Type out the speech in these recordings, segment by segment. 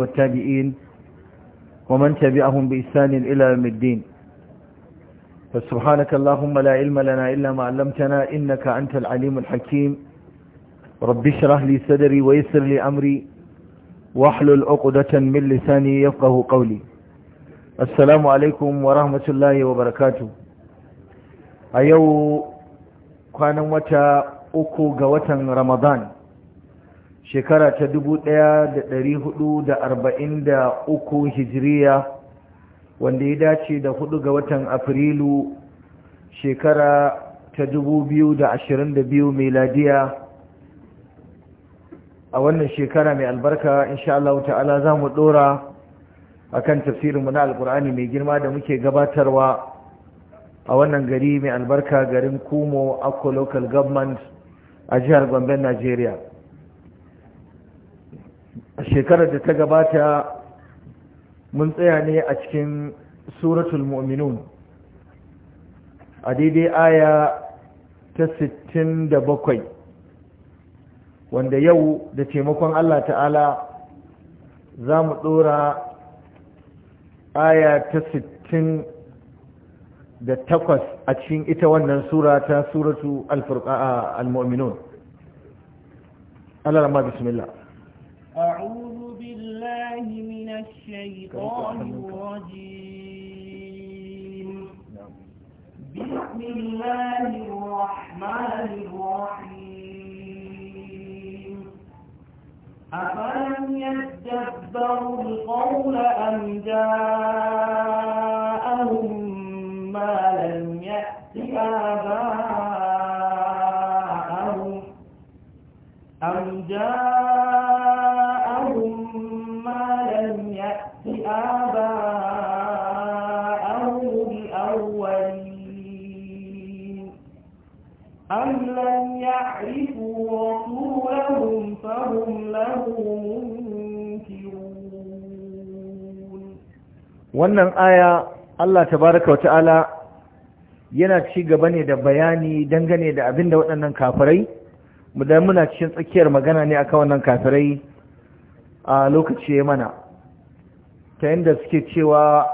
والتابعين ومن تبعهم بإحسان إلى يوم الدين فسبحانك اللهم لا علم لنا إلا ما علمتنا إنك أنت العليم الحكيم رب اشرح لي صدري ويسر لي أمري واحلل عقدة من لساني يفقه قولي السلام عليكم ورحمة الله وبركاته أيو كان متى أكو قوة رمضان shekara ta da da ɗari arba'in 1443 hijiriya wanda ya dace da hudu ga watan afrilu shekara ta 2022 meladiya a wannan shekara mai albarka insha Allah ta'ala za mu dora kan tafsirinmu na alkur'ani mai girma da muke gabatarwa a wannan gari mai albarka garin kumo akwai local government a jihar gombe Najeriya. a shekarar da ta gabata mun tsaya ne a cikin suratul mu'minun a daidai aya ta sittin da bakwai, wanda yau da taimakon Allah ta'ala za mu ɗora aya ta sittin da takwas a cikin ita wannan sura ta suratu al-mu'minun Allah rama bismillah أعوذ بالله من الشيطان الرجيم نعم. بسم الله الرحمن الرحيم أفلم يدبروا القول أم جاءهم ما لم يأت آباءهم أم جاءهم wannan aya Allah tabaraka wa ta'ala yana ci gaba ne da bayani dangane da abin da waɗannan kafirai da muna cikin tsakiyar magana ne akan wannan kafirai a lokaci mana ta yadda suke cewa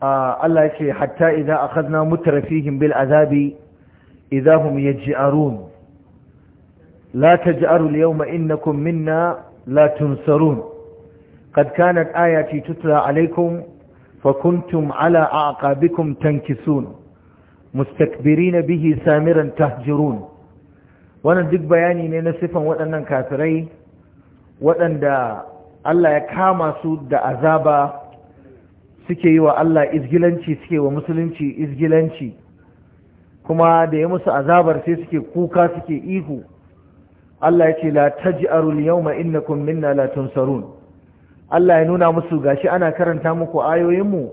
Allah ya ce hatta idan akhadna mutrafihim bil azabi idahum yaj'arun لا تجأروا اليوم إنكم منا لا تنصرون قد كانت آياتي تتلى عليكم فكنتم على أعقابكم تنكسون مستكبرين به سامرا تهجرون وانا دك بياني ne na sifan waɗannan kafirai waɗanda Allah ya kama su da azaba suke yi wa Allah izgilanci suke wa musulunci izgilanci kuma da ya musu azabar sai suke kuka suke ihu Allah ya ce la al yawma innakum minna la tunsarun Allah ya nuna musu gashi ana karanta muku ayoyin mu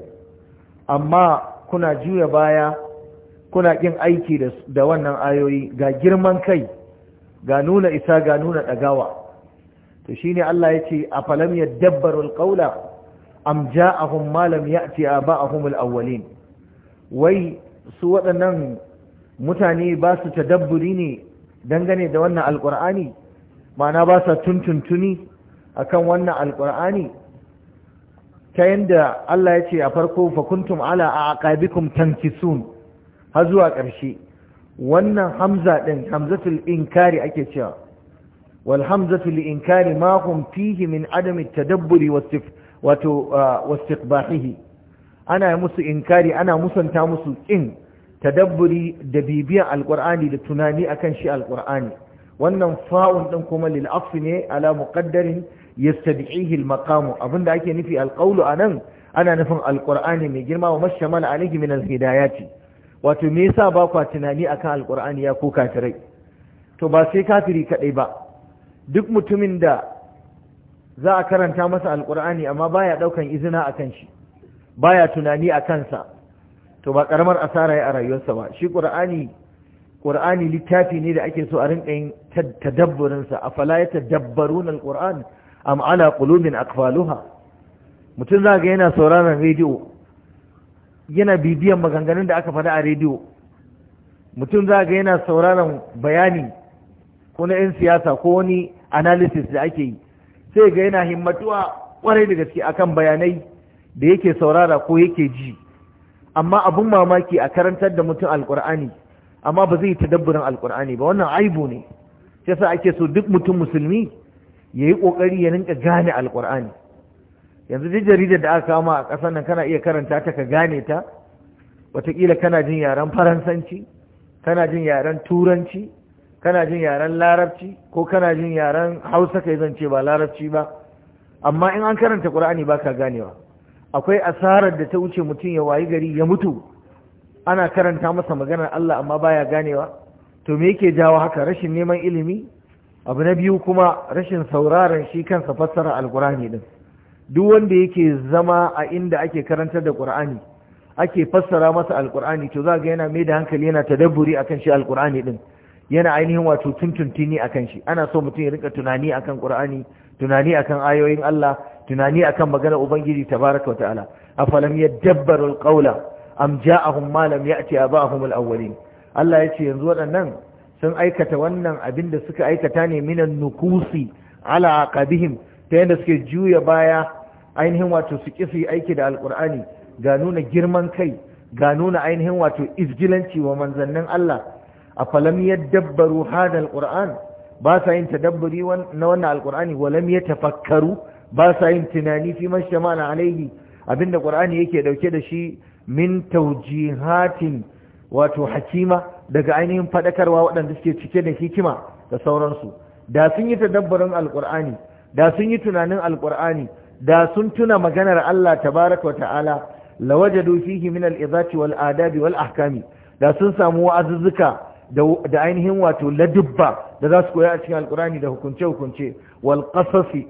amma kuna juya baya kuna kin aiki da, wannan ayoyi ga girman kai ga nuna isa ga nuna dagawa to shine Allah ya ce afalam yadabbarul qawla am ja'ahum ma lam ya'ti aba'ahum al-awwalin wai su waɗannan mutane ba su tadabburi ne dangane da wannan alkur'ani ma'ana ba sa tuntuntuni a kan wannan alkur'ani ta yadda Allah ya ce a farko fakuntum ala a aƙabikum tankisun har zuwa ƙarshe wannan hamza ɗin hamzatul inkari ake cewa wal hamzatul inkari ma hum fihi min adami tadabburi wato uh, ana musu inkari ana musanta musu ƙin. tadabburi da bibiyan alkur'ani da tunani akan shi alkur'ani wannan fa'un din kuma lil afi ne ala muqaddarin yastabihi al maqam abinda ake nufi al qawlu anan ana nufin alkur'ani mai girma wa mashamal alayhi min al hidayati wato me yasa ba kwa tunani akan alkur'ani ya ko kafirai to ba sai kafiri kadai ba duk mutumin da za a karanta masa alkur'ani amma baya daukan izina akan shi baya tunani akan sa to ba karamar asara ya a rayuwarsa ba shi qur'ani qur'ani littafi ne da ake so a rinka yin tadabburin sa afala yatadabbaruna alquran am ala qulubin aqfaluha mutum zaka yana sauraron rediyo yana bibiyan maganganun da aka faɗa a rediyo mutum zaka yana sauraron bayani ko na 'yan siyasa ko wani analysis da ake yi sai ga yana himmatuwa kwarai da gaske akan bayanai da yake saurara ko yake ji amma abun mamaki a karantar da mutum alkur'ani amma ba zai tadabburin alkur'ani ba wannan aibu ne sai sa ake so duk mutum musulmi ya yi ƙoƙari ya rinka gane alkur'ani yanzu duk jaridar da aka kama a ƙasar nan kana iya karanta ta ka gane ta wataƙila kana jin yaren faransanci kana jin yaren turanci kana jin yaren larabci ko kana jin yaren hausa kai zance ba larabci ba amma in an karanta ƙur'ani baka ganewa akwai asarar da ta wuce mutum ya wayi gari ya mutu ana karanta masa maganar Allah amma baya ganewa to me yake jawo haka rashin neman ilimi abu na biyu kuma rashin sauraron shi kansa fassara alkurani din duk wanda yake zama a inda ake karantar da qur'ani ake fassara masa alkur'ani to za ga yana mai da hankali yana tadabburi akan shi alkur'ani din yana ainihin wato tuntuntuni akan shi ana so mutum ya rika tunani akan qur'ani tunani akan ayoyin Allah tunani akan maganar ubangiji tabaraka wa ta'ala afalam yadabbaru alqawla am ja'ahum ma lam ya'ti aba'ahum alawwalin Allah yace yanzu waɗannan sun aikata wannan abin da suka aikata ne minan nukusi ala aqabihim ta yadda suke juya baya ainihin wato su kisi aiki da alqur'ani ga nuna girman kai ga nuna ainihin wato izgilanci wa manzannin Allah afalam yadabbaru hadal qur'an ba sa yin tadabburi na wannan alqur'ani walam yatafakkaru ba sa yin tunani fi man shamala alaihi abinda qur'ani yake dauke da shi min tawjihatin wato hakima daga ainihin fadakarwa waɗanda suke cike da hikima da sauransu da sun yi tadabburin alqur'ani da sun yi tunanin alqur'ani da sun tuna maganar Allah tabaraka wa ta'ala lawajadu fihi min al-izati wal adabi wal ahkami da sun samu wa'azuzzuka da ainihin wato ladubba da za su koya a cikin alkurani da hukunce-hukunce wal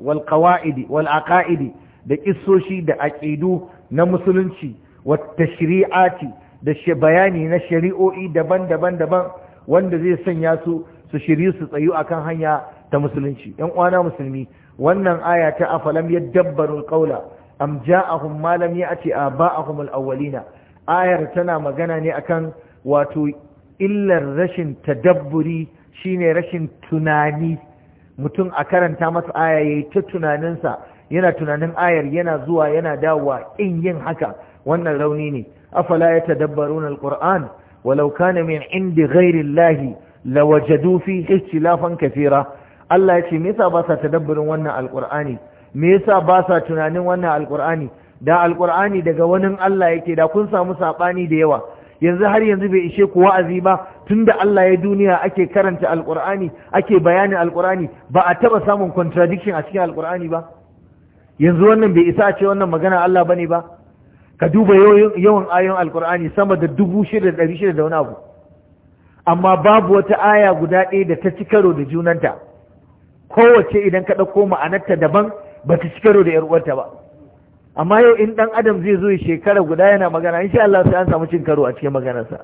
walƙawa'idi, wal wal da kisoshi da aƙidu na musulunci wata tashri'ati da bayani na shari'o'i daban-daban daban wanda zai sanya su su shiryu su tsayu akan hanya ta musulunci yan uwana musulmi wannan aya ta afalam dabbarul alqawla am ja'ahum ma lam ya'ti aba'ahum alawwalina ayar tana magana ne akan wato illar rashin tadabburi shine rashin tunani mutum a karanta masa aya yi ta tunaninsa yana tunanin ayar yana zuwa yana dawowa in yin haka wannan rauni ne afala yatadabbaruna alquran walau kana min indi ghairi llahi lawajadu fihi ikhtilafan kathira Allah ya ce me yasa ba sa tadabburin wannan alqur'ani me yasa ba sa tunanin wannan alkur'ani da alkur'ani daga wani Allah yake da kun samu sabani da yawa yanzu har yanzu bai ishe ku wa'azi ba tunda Allah ya duniya ake karanta alqur'ani ake bayanin alqur'ani ba a taba samun contradiction a cikin alqur'ani ba yanzu wannan bai isa a ce wannan magana Allah bane ba ka duba yawan ayoyin alqur'ani sama da 6600 da wani abu amma babu wata aya guda ɗaya da ta ci karo da junanta kowace idan ka ɗauko ma'anarta daban ba ta ci karo da 'yar uwarta ba amma yau in dan adam zai zo shekara guda yana magana insha Allah sai an samu cin karo a cikin maganarsa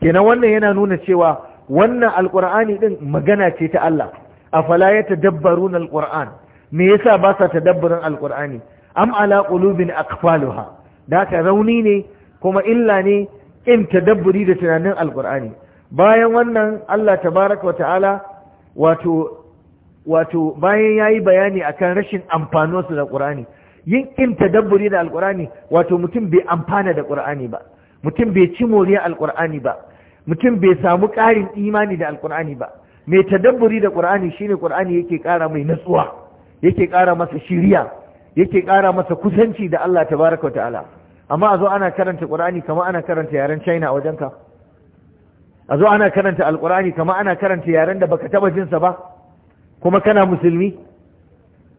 kenan wannan yana nuna cewa wannan alqur'ani din magana ce ta Allah afala yatadabbaruna alqur'an me yasa ba sa tadabburin alqur'ani am ala qulubin aqfaluha da ka rauni ne kuma illa ne in tadabburi da tunanin alqur'ani bayan wannan Allah tabaraka wa ta'ala wato wato bayan yayi bayani akan rashin amfanuwarsu da ƙur'ani. yin kin tadabburi da alqur'ani wato mutum bai amfana da qur'ani ba mutum bai ci moriya alqur'ani ba mutum bai samu ƙarin imani da alqur'ani ba mai tadabburi da qur'ani shine qur'ani yake ƙara mai natsuwa yake ƙara masa shiriya yake ƙara masa kusanci da Allah tabaraka wa ta'ala amma a zo ana karanta qur'ani kamar ana karanta yaren China a wajenka a zo ana karanta alqur'ani kamar ana karanta yaren da baka taba jinsa ba kuma kana musulmi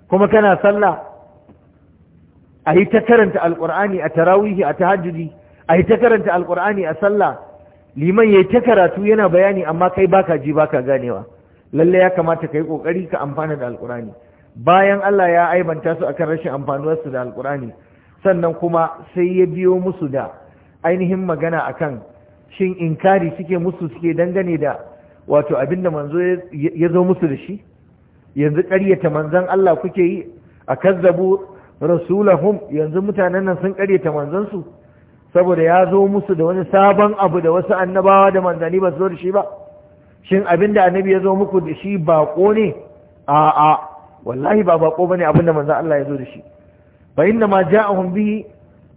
kuma kana sallah a yi ta karanta Alƙur'ani a tarawihi a tahajjudi a yi ta karanta Alƙur'ani a sallah liman ya ta karatu yana bayani amma kai baka ji baka ganewa lalle ya kamata ka yi kokari ka amfana da Alƙur'ani, bayan Allah ya aibanta su akan rashin amfanuwarsu da Alƙur'ani. sannan kuma sai ya biyo musu da ainihin magana akan shin inkari suke musu suke dangane da wato abinda manzo ya zo musu da shi yanzu ƙaryata manzan Allah kuke yi a kazzabu rasulahum yanzu mutanen nan sun karyata manzansu saboda ya zo musu da wani sabon abu da wasu annabawa da manzani ba su zo da shi ba shin abinda annabi ya zo muku da shi bako ne a'a wallahi ba bako bane abinda manzon Allah ya zo da shi fa inna ma ja'ahum bihi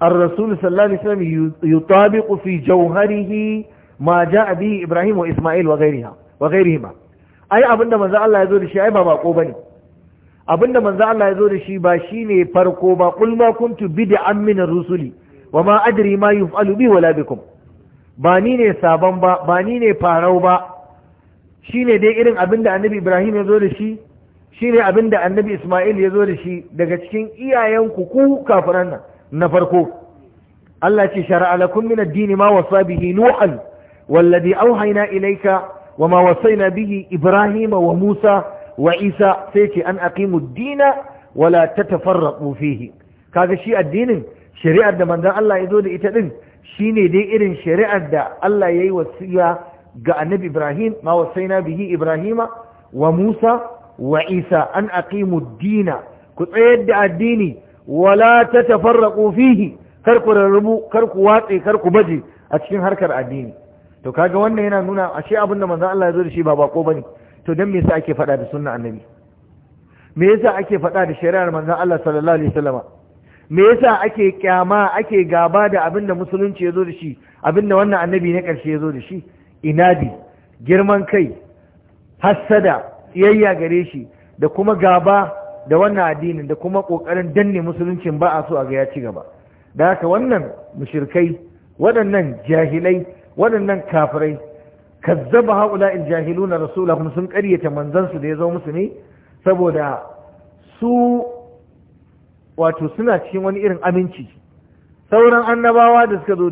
ar-rasul sallallahu alaihi wasallam yutabiqu fi jawharihi ma ja'a bi ibrahim wa isma'il wa ghayriha wa ghayrihi ai abinda manzon Allah ya zo da shi ai ba bako bane Abin da manzo Allah ya zo da shi ba shi ne farko ba kul ma kuntu bid'an min rusuli wa ma adri ma yuf'alu bi wala bikum ba ni ne sabon ba ba ni ne farau ba Shi ne dai irin abinda annabi Ibrahim ya zo da shi Shi abin abinda annabi Ismail ya zo da shi daga cikin iyayen ku kafiran nan na farko Allah ce shar'a lakum min ad-din ma wasa bihi nuhan والذي أوحينا إليك وما وصينا به wa Musa. wa isa sai ce an aqimu dina wala tatafarraqu fihi kaga shi addinin shari'ar da manzon Allah ya zo da ita din shine dai irin shari'ar da Allah yayi wasiya ga annabi Ibrahim ma wasaina bihi Ibrahima wa Musa wa Isa an aqimu dina ku tsayar da addini wala tatafarraqu fihi kar ku rarrabu kar ku watse kar ku baje a cikin harkar addini to kaga wannan yana nuna ashe abin da manzon Allah ya zo da shi ba bako bane to don me yasa ake faɗa da sunna annabi me yasa ake faɗa da shari'ar manzon Allah sallallahu alaihi wasallam me yasa ake kyama ake gaba da abinda musulunci ya zo da shi abinda wannan annabi na ƙarshe ya zo da shi inadi girman kai hassada yayya gare shi da kuma gaba da wannan addinin da kuma kokarin danne musuluncin ba a so a ga ya ci gaba da haka wannan mushirkai waɗannan jahilai waɗannan kafirai kazzaba haula jahiluna rasulahum sun karyata manzansu da ya zo musu ne saboda su wato suna cikin wani irin aminci sauran annabawa da suka zo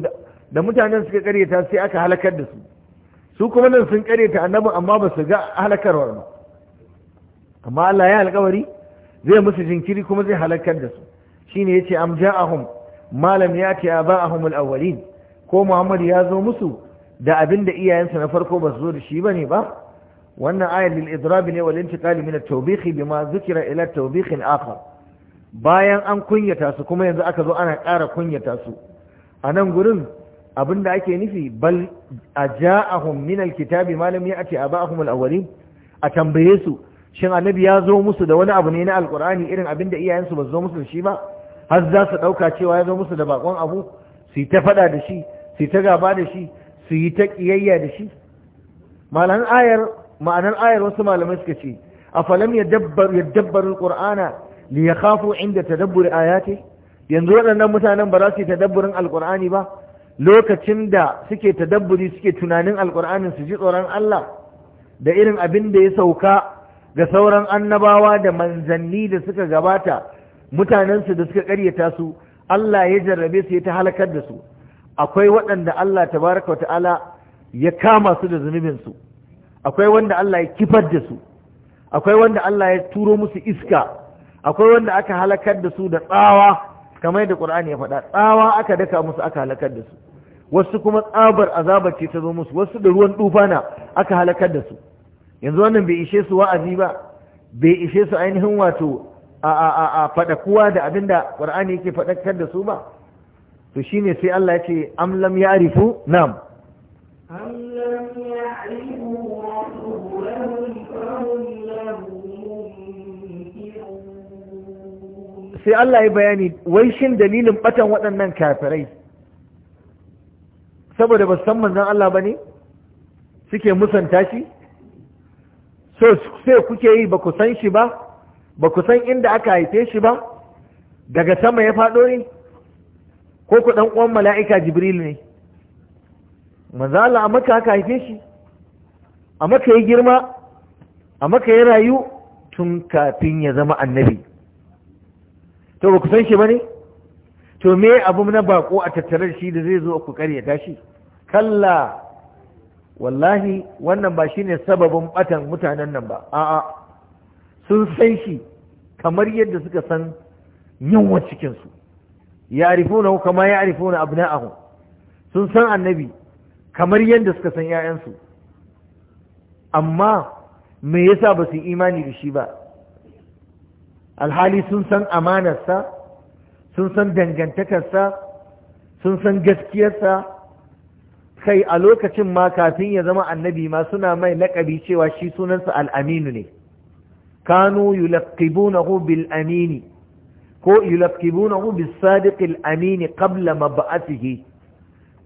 da mutanen suka karyata sai aka halakar da su su kuma nan sun karyata annabin amma ba su ga halakarwar ba amma Allah ya alkawari zai musu jinkiri kuma zai halakar da su shine yace am ja'ahum malam yati aba'ahum al-awwalin ko Muhammad ya zo musu da abin da iyayensa na farko ba su zo da shi ne ba wannan ayar lil ne wal intiqali min at-tawbihi bima zikira ila tawbihin akhar bayan an kunyata su kuma yanzu aka zo ana ƙara kunyata su a nan gurin abin da ake nufi bal aja'ahum min al-kitabi ma lam ya'ti aba'ahum al-awwalin a tambaye su shin annabi ya zo musu da wani abu ne na alkur'ani irin abin da iyayensu ba zo musu da shi ba har za su ɗauka cewa ya zo musu da bakon abu su ta faɗa da shi su ta gaba da shi su yi ta ƙiyayya da shi malan ayar ma'anar ayar wasu malamai suka ce a falam ya dabbar alqur'ana li kafu inda tadabbur ayati yanzu waɗannan mutanen ba za su yi tadabburin Alƙur'ani ba lokacin da suke tadabburi suke tunanin alƙur'anin su ji tsoron Allah da irin abin da ya sauka ga sauran annabawa da manzanni da suka gabata mutanensu da suka ƙaryata su Allah ya jarrabe su ya ta halakar da su akwai waɗanda Allah tabaraka wa ta'ala ya kama su da zunubin su. akwai wanda Allah ya kifar da su akwai wanda Allah ya turo musu iska akwai wanda aka halakar da su da tsawa kamar yadda Qur'ani ya faɗa tsawa aka daka musu aka halakar da su wasu kuma tsabar azaba ce ta zo musu wasu da ruwan dufana aka halakar da su yanzu wannan bai ishe su wa'azi ba bai ishe su ainihin wato a a a, da abinda Qur'ani yake faɗakar da su ba to shi ne sai Allah ya ce amlam ya ya'rifu na am sai Allah ya bayani wai shin dalilin batan waɗannan kafirai saboda ba san manzan Allah ba ne? suke musanta shi so sai kuke yi ba ku san shi ba ba ku san inda aka haife shi ba daga sama ya faɗo ne ko ku ɗan uwan mala'ika jibril ne maza Allah a maka haka haife shi a maka ya girma a maka ya rayu tun kafin ya zama annabi to ba ku san shi ba ne to me abu na bako a tattare shi da zai zo ku karyata shi kalla wallahi wannan ba shi ne sababin batan mutanen nan ba a'a sun san shi kamar yadda suka san yawan cikinsu ya'rifunahu kama ya'rifuna abna'ahum sun san annabi kamar yadda suka san 'ya'yansu amma me yasa ba su imani da shi ba alhali sun san amanarsa sun san dangantakarsa sun san gaskiyarsa kai a lokacin ma kafin ya zama annabi ma suna mai laƙabi cewa shi sunansa al'aminu ne kanu yulaqibunahu bil amini ko yulakibunahu bis-sadiqil amin qabla mab'athihi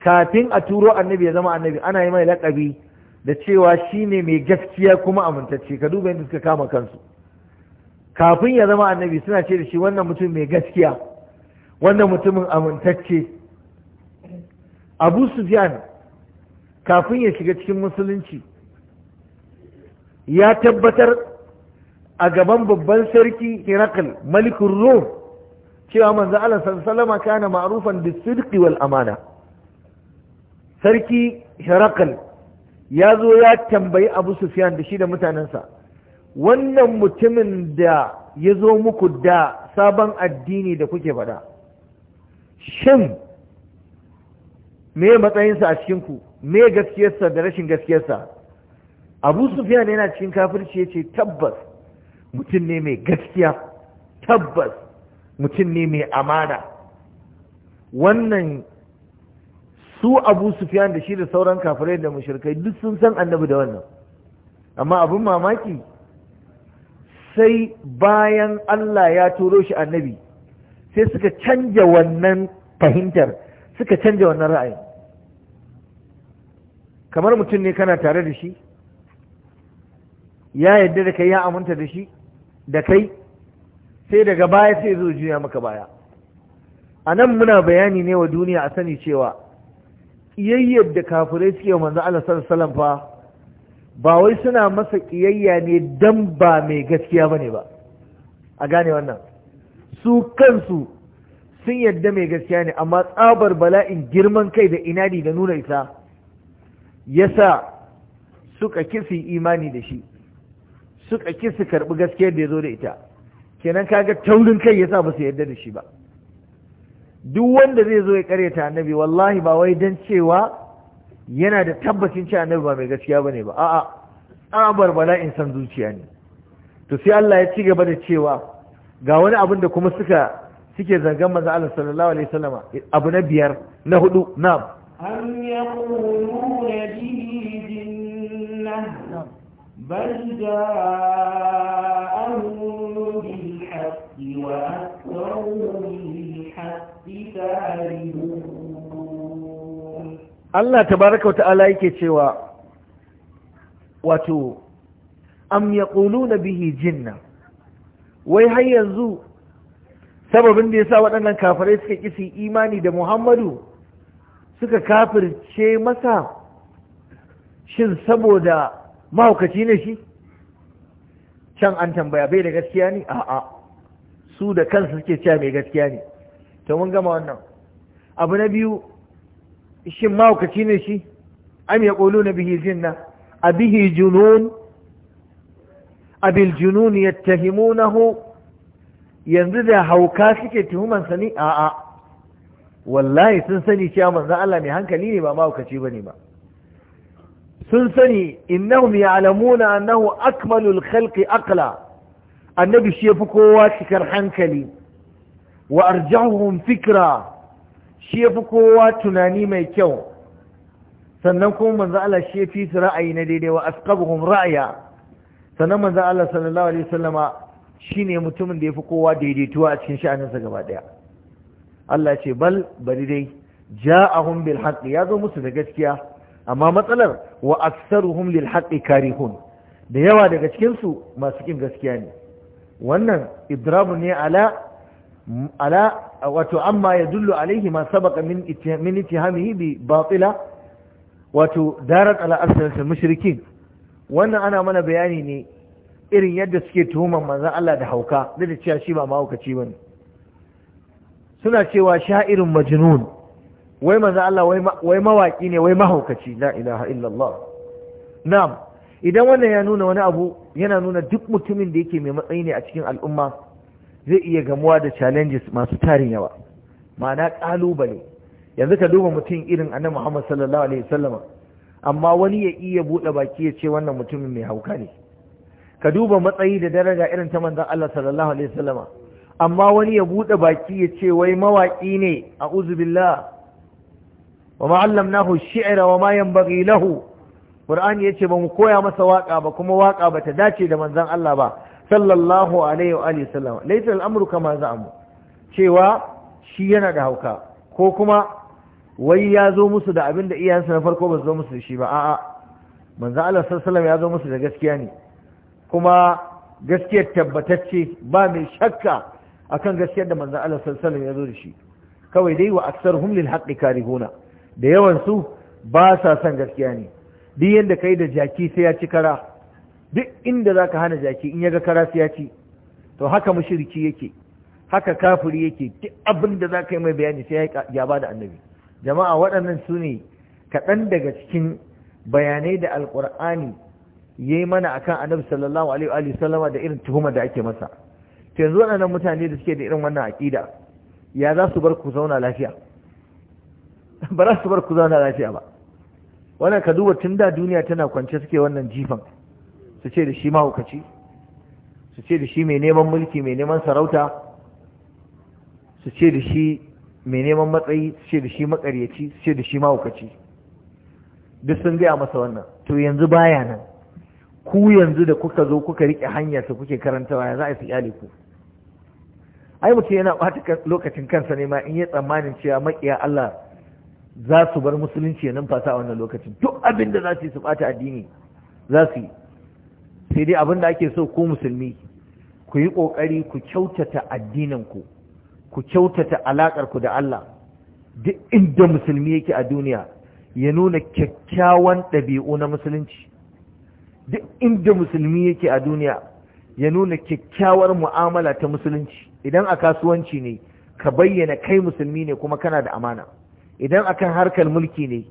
kafin a turo annabi ya zama annabi ana yi mai lakabi da cewa shine mai gaskiya kuma amintacce ka duba yadda suka kama kansu kafin ya zama annabi suna ce da shi wannan mutum mai gaskiya wannan mutumin amintacce abu sufyan kafin ya shiga cikin musulunci ya tabbatar a gaban babban sarki herakl malikun rom cewa manzo Allah sallama kana ma'rufan bisidqi wal amana sarki Hirakal ya zo ya tambayi Abu Sufyan da shi da mutanansa. wannan mutumin da ya zo muku da sabon addini da kuke faɗa shin me matsayinsa a cikin ku me gaskiyarsa da rashin gaskiyarsa abu Sufyan yana cikin kafirci ya ce tabbas mutum ne mai gaskiya tabbas mutum ne mai amana wannan su abu sufiyan da shi da sauran kafirai da shirka duk sun san annabi da wannan amma abin mamaki sai bayan Allah ya turo shi annabi sai suka canja wannan fahimtar suka canja wannan ra'ayi kamar mutum ne kana tare da shi ya yadda da kai ya aminta da shi da kai sai daga baya sai zo juya maka baya a nan muna bayani ne wa duniya a sani cewa ƙiyayyar da kafirai suke wa manzo Allah sallallahu fa ba wai suna masa ƙiyayya ne dan ba mai gaskiya bane ba a gane wannan su kansu sun yarda mai gaskiya ne amma tsabar bala'in girman kai da inadi da nuna isa yasa suka kisi imani da shi suka kisi karɓi gaskiyar da ya zo da ita kenan kaga taurin kai yasa ba su yarda da shi ba duk wanda zai zo ya karyata annabi wallahi ba wai dan cewa yana da tabbacin cewa annabi ba mai gaskiya bane ba a'a tsabar in san zuciya ne to sai Allah ya ci gaba da cewa ga wani abin da kuma suka suke zargan maza Allah sallallahu alaihi wasallama abu na biyar na hudu na. am yaquluna bal Allah wata Ala yake cewa wato am na bihi jinna wai har yanzu sababin da yasa waɗannan kafirai suka kisi imani da Muhammadu suka kafirce masa shin saboda mahaukaci ne shi can an tambaya bai da gaskiya ne a'a su da kansu suke cewa mai gaskiya ne to mun gama wannan abu na biyu shin mahaukaci ne shi am ya ƙolo na bihi zinna a bihi junun abil junun ya tahimu na yanzu da hauka suke tuhumansa ni a'a wallahi sun sani cewa manzan Allah mai hankali ne ba mahaukaci ba ne ba sun sani innahum ya'lamuna annahu akmalul khalqi aqla annabi shi yafi kowa cikar hankali wa arja'uhum fikra shi yafi kowa tunani mai kyau sannan kuma manzo Allah shi yafi su ra'ayi na daidai wa asqabuhum ra'ya sannan manzo Allah sallallahu alaihi wasallama shine mutumin da yafi kowa daidaituwa a cikin sa gaba daya Allah ce bal bari dai ja'ahum bil haqq ya zo musu da gaskiya amma matsalar wa aktsaruhum lil haqq karihun da yawa daga cikin su masu kin gaskiya ne wannan idrabu ne ala ala wato amma ya dullu alaihi ma sabaka min ittihamihi bi batila wato darat ala asrarul mushrikin wannan ana mana bayani ne irin yadda suke tuhumar manzon Allah da hauka da cewa shi ba mahaukaci bane suna cewa sha'irin majnun wai manzon Allah wai mawaƙi ne wai mahaukaci la ilaha illallah na'am idan wannan ya nuna wani abu yana nuna duk mutumin da yake mai matsayi ne a cikin al'umma zai iya gamuwa da challenges masu tarin yawa ma'ana ƙalubale yanzu ka duba mutum irin annabi Muhammad sallallahu alaihi wasallam amma wani ya iya buɗe baki ya ce wannan mutumin mai hauka ne ka duba matsayi da daraja irin ta manzon Allah sallallahu alaihi wasallam amma wani ya buɗe baki ya ce wai mawaki ne a'udhu billah wa ma allamnahu shi'ra wa ma yanbaghi lahu Qur'ani yace ba mu koya masa waka ba kuma waka ba ta dace da manzon Allah ba sallallahu alaihi wa alihi sallama laisa al'amru kama za'amu cewa shi yana da hauka ko kuma wai ya zo musu da abin da iyayensa na farko ba su zo musu shi ba a'a manzo Allah sallallahu ya zo musu da gaskiya ne kuma gaskiyar tabbatacce ba mai shakka akan gaskiyar da manzo Allah sallallahu ya zo da shi kawai dai wa aktsarhum lil haqqi karihuna da yawan su ba sa son gaskiya ne duk yanda kai da jaki sai ya ci kara duk inda za ka hana jaki in ya ga karas ya ci to haka mushriki yake haka kafiri yake duk abin da za ka yi mai bayani sai ya yi gaba da annabi jama'a waɗannan su ne kaɗan daga cikin bayanai da alƙur'ani ya yi mana akan annabi sallallahu alaihi wa sallama da irin tuhumar da ake masa to yanzu waɗannan mutane da suke da irin wannan aƙida ya za su bar ku zauna lafiya ba za su bar ku zauna lafiya ba wannan ka duba tun da duniya tana kwance suke wannan jifan su ce da shi mahaukaci su ce da shi mai neman mulki mai neman sarauta su ce da shi mai neman matsayi su ce da shi makaryaci su ce da shi mahaukaci duk sun gaya masa wannan to yanzu baya nan ku yanzu da kuka zo kuka riƙe hanyar su kuke karantawa ya za a fi ku ai mutum yana ɓata lokacin kansa ne ma in ya tsammanin cewa maƙiya Allah za su bar musulunci ya numfasa a wannan lokacin duk abinda da za su yi su ɓata addini za su yi sai dai abin da ake so ku musulmi ku yi ƙoƙari ku kyautata addininku ku kyautata alaƙarku da Allah duk inda musulmi yake a duniya ya nuna kyakkyawan ɗabi'u na musulunci duk inda musulmi yake a duniya ya nuna kyakkyawar mu'amala ta musulunci idan a kasuwanci ne ka bayyana kai musulmi ne kuma kana da amana idan akan harkar mulki ne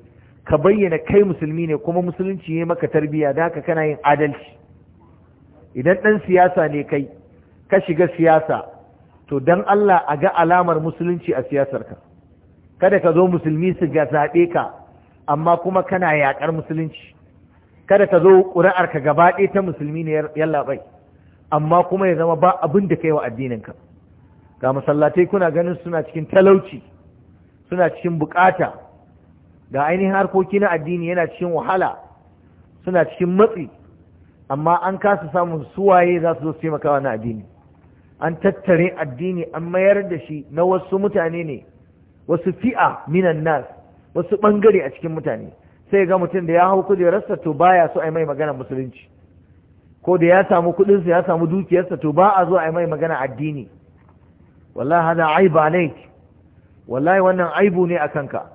ka bayyana kai musulmi ne kuma musulunci ne maka tarbiyya da haka kana yin adalci idan ɗan siyasa ne kai ka shiga siyasa to don Allah a ga alamar musulunci a siyasarka kada ka zo musulmi su ga zaɓe ka amma kuma kana yaƙar musulunci kada ka zo ƙuri'arka gaba ɗaya ta musulmi ne yallaɓai amma kuma ya zama ba abin da kai wa addininka ga masallatai kuna ganin suna cikin talauci suna cikin bukata ga ainihin harkoki na addini yana cikin wahala suna cikin matsi amma an kasa samun suwaye za su zo su taimaka wa na addini an tattare addini an mayar da shi na wasu mutane ne wasu fi'a minan nas wasu bangare a cikin mutane sai ga mutum da ya hau kujerarsa to baya so ai mai magana musulunci ko da ya samu kuɗinsa ya samu dukiyarsa to ba a zo ai mai magana addini wallahi hada aiba alaik wallahi wannan aibu ne a ka?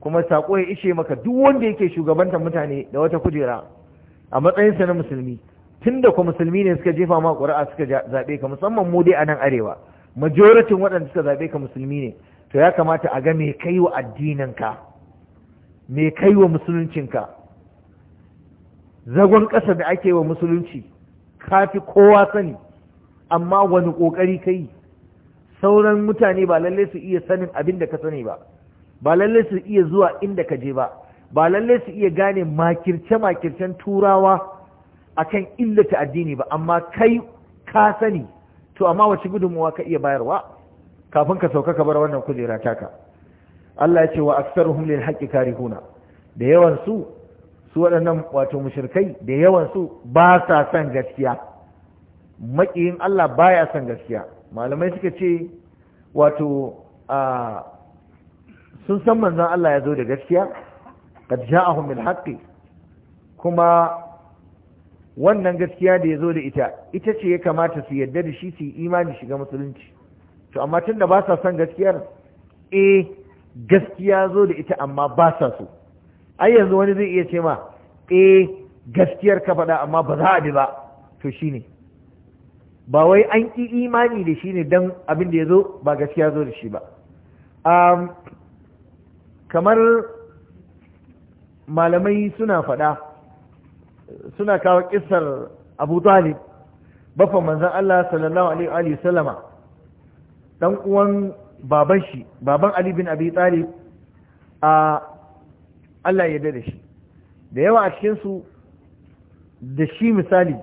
kuma sako ya ishe maka duk wanda yake shugabantar mutane da wata kujera a matsayinsa na musulmi tun da ku musulmi ne suka jefa ma ƙuri'a suka zaɓe ka musamman mu dai a nan arewa majoratin waɗanda suka zaɓe ka musulmi ne to ya kamata a ga me kai wa addininka me kai wa musuluncinka zagon ƙasa da ake wa musulunci kafi kowa sani amma wani ƙoƙari ka sauran mutane ba lallai su iya sanin abin da ka sani ba ba lallai su iya zuwa inda ka je ba ba lalle su iya gane makirce makircen turawa a kan illata addini ba amma kai ka sani to amma wace gudunmawa ka iya bayarwa kafin ka sauka ka bar wannan kujera taka Allah ya ce wa aktsaruhum lil haqqi karihuna da yawan su waɗannan wato mushrikai da yawansu su ba sa son gaskiya makiyin Allah baya son gaskiya malamai suka ce wato sun san manzon Allah ya zo da gaskiya qad ja'ahum bil haqqi kuma wannan gaskiya da yazo da ita ita ce ya kamata su yadda da shi su yi imani shiga musulunci to amma tunda ba sa son gaskiyar eh gaskiya zo da ita amma ba sa so ai yanzu wani zai iya ce ma eh gaskiyar ka faɗa amma ba za a bi ba to shine ba wai an ƙi imani da shi ne don abin da ya zo ba gaskiya zo da shi ba kamar malamai suna faɗa suna kawo ƙisar abu talib bafa manzan Allah sallallahu alaihi sallama ɗan uwan baban shi baban Ali bin Abi Talib a Allah ya da shi da yawa a cikinsu da shi misali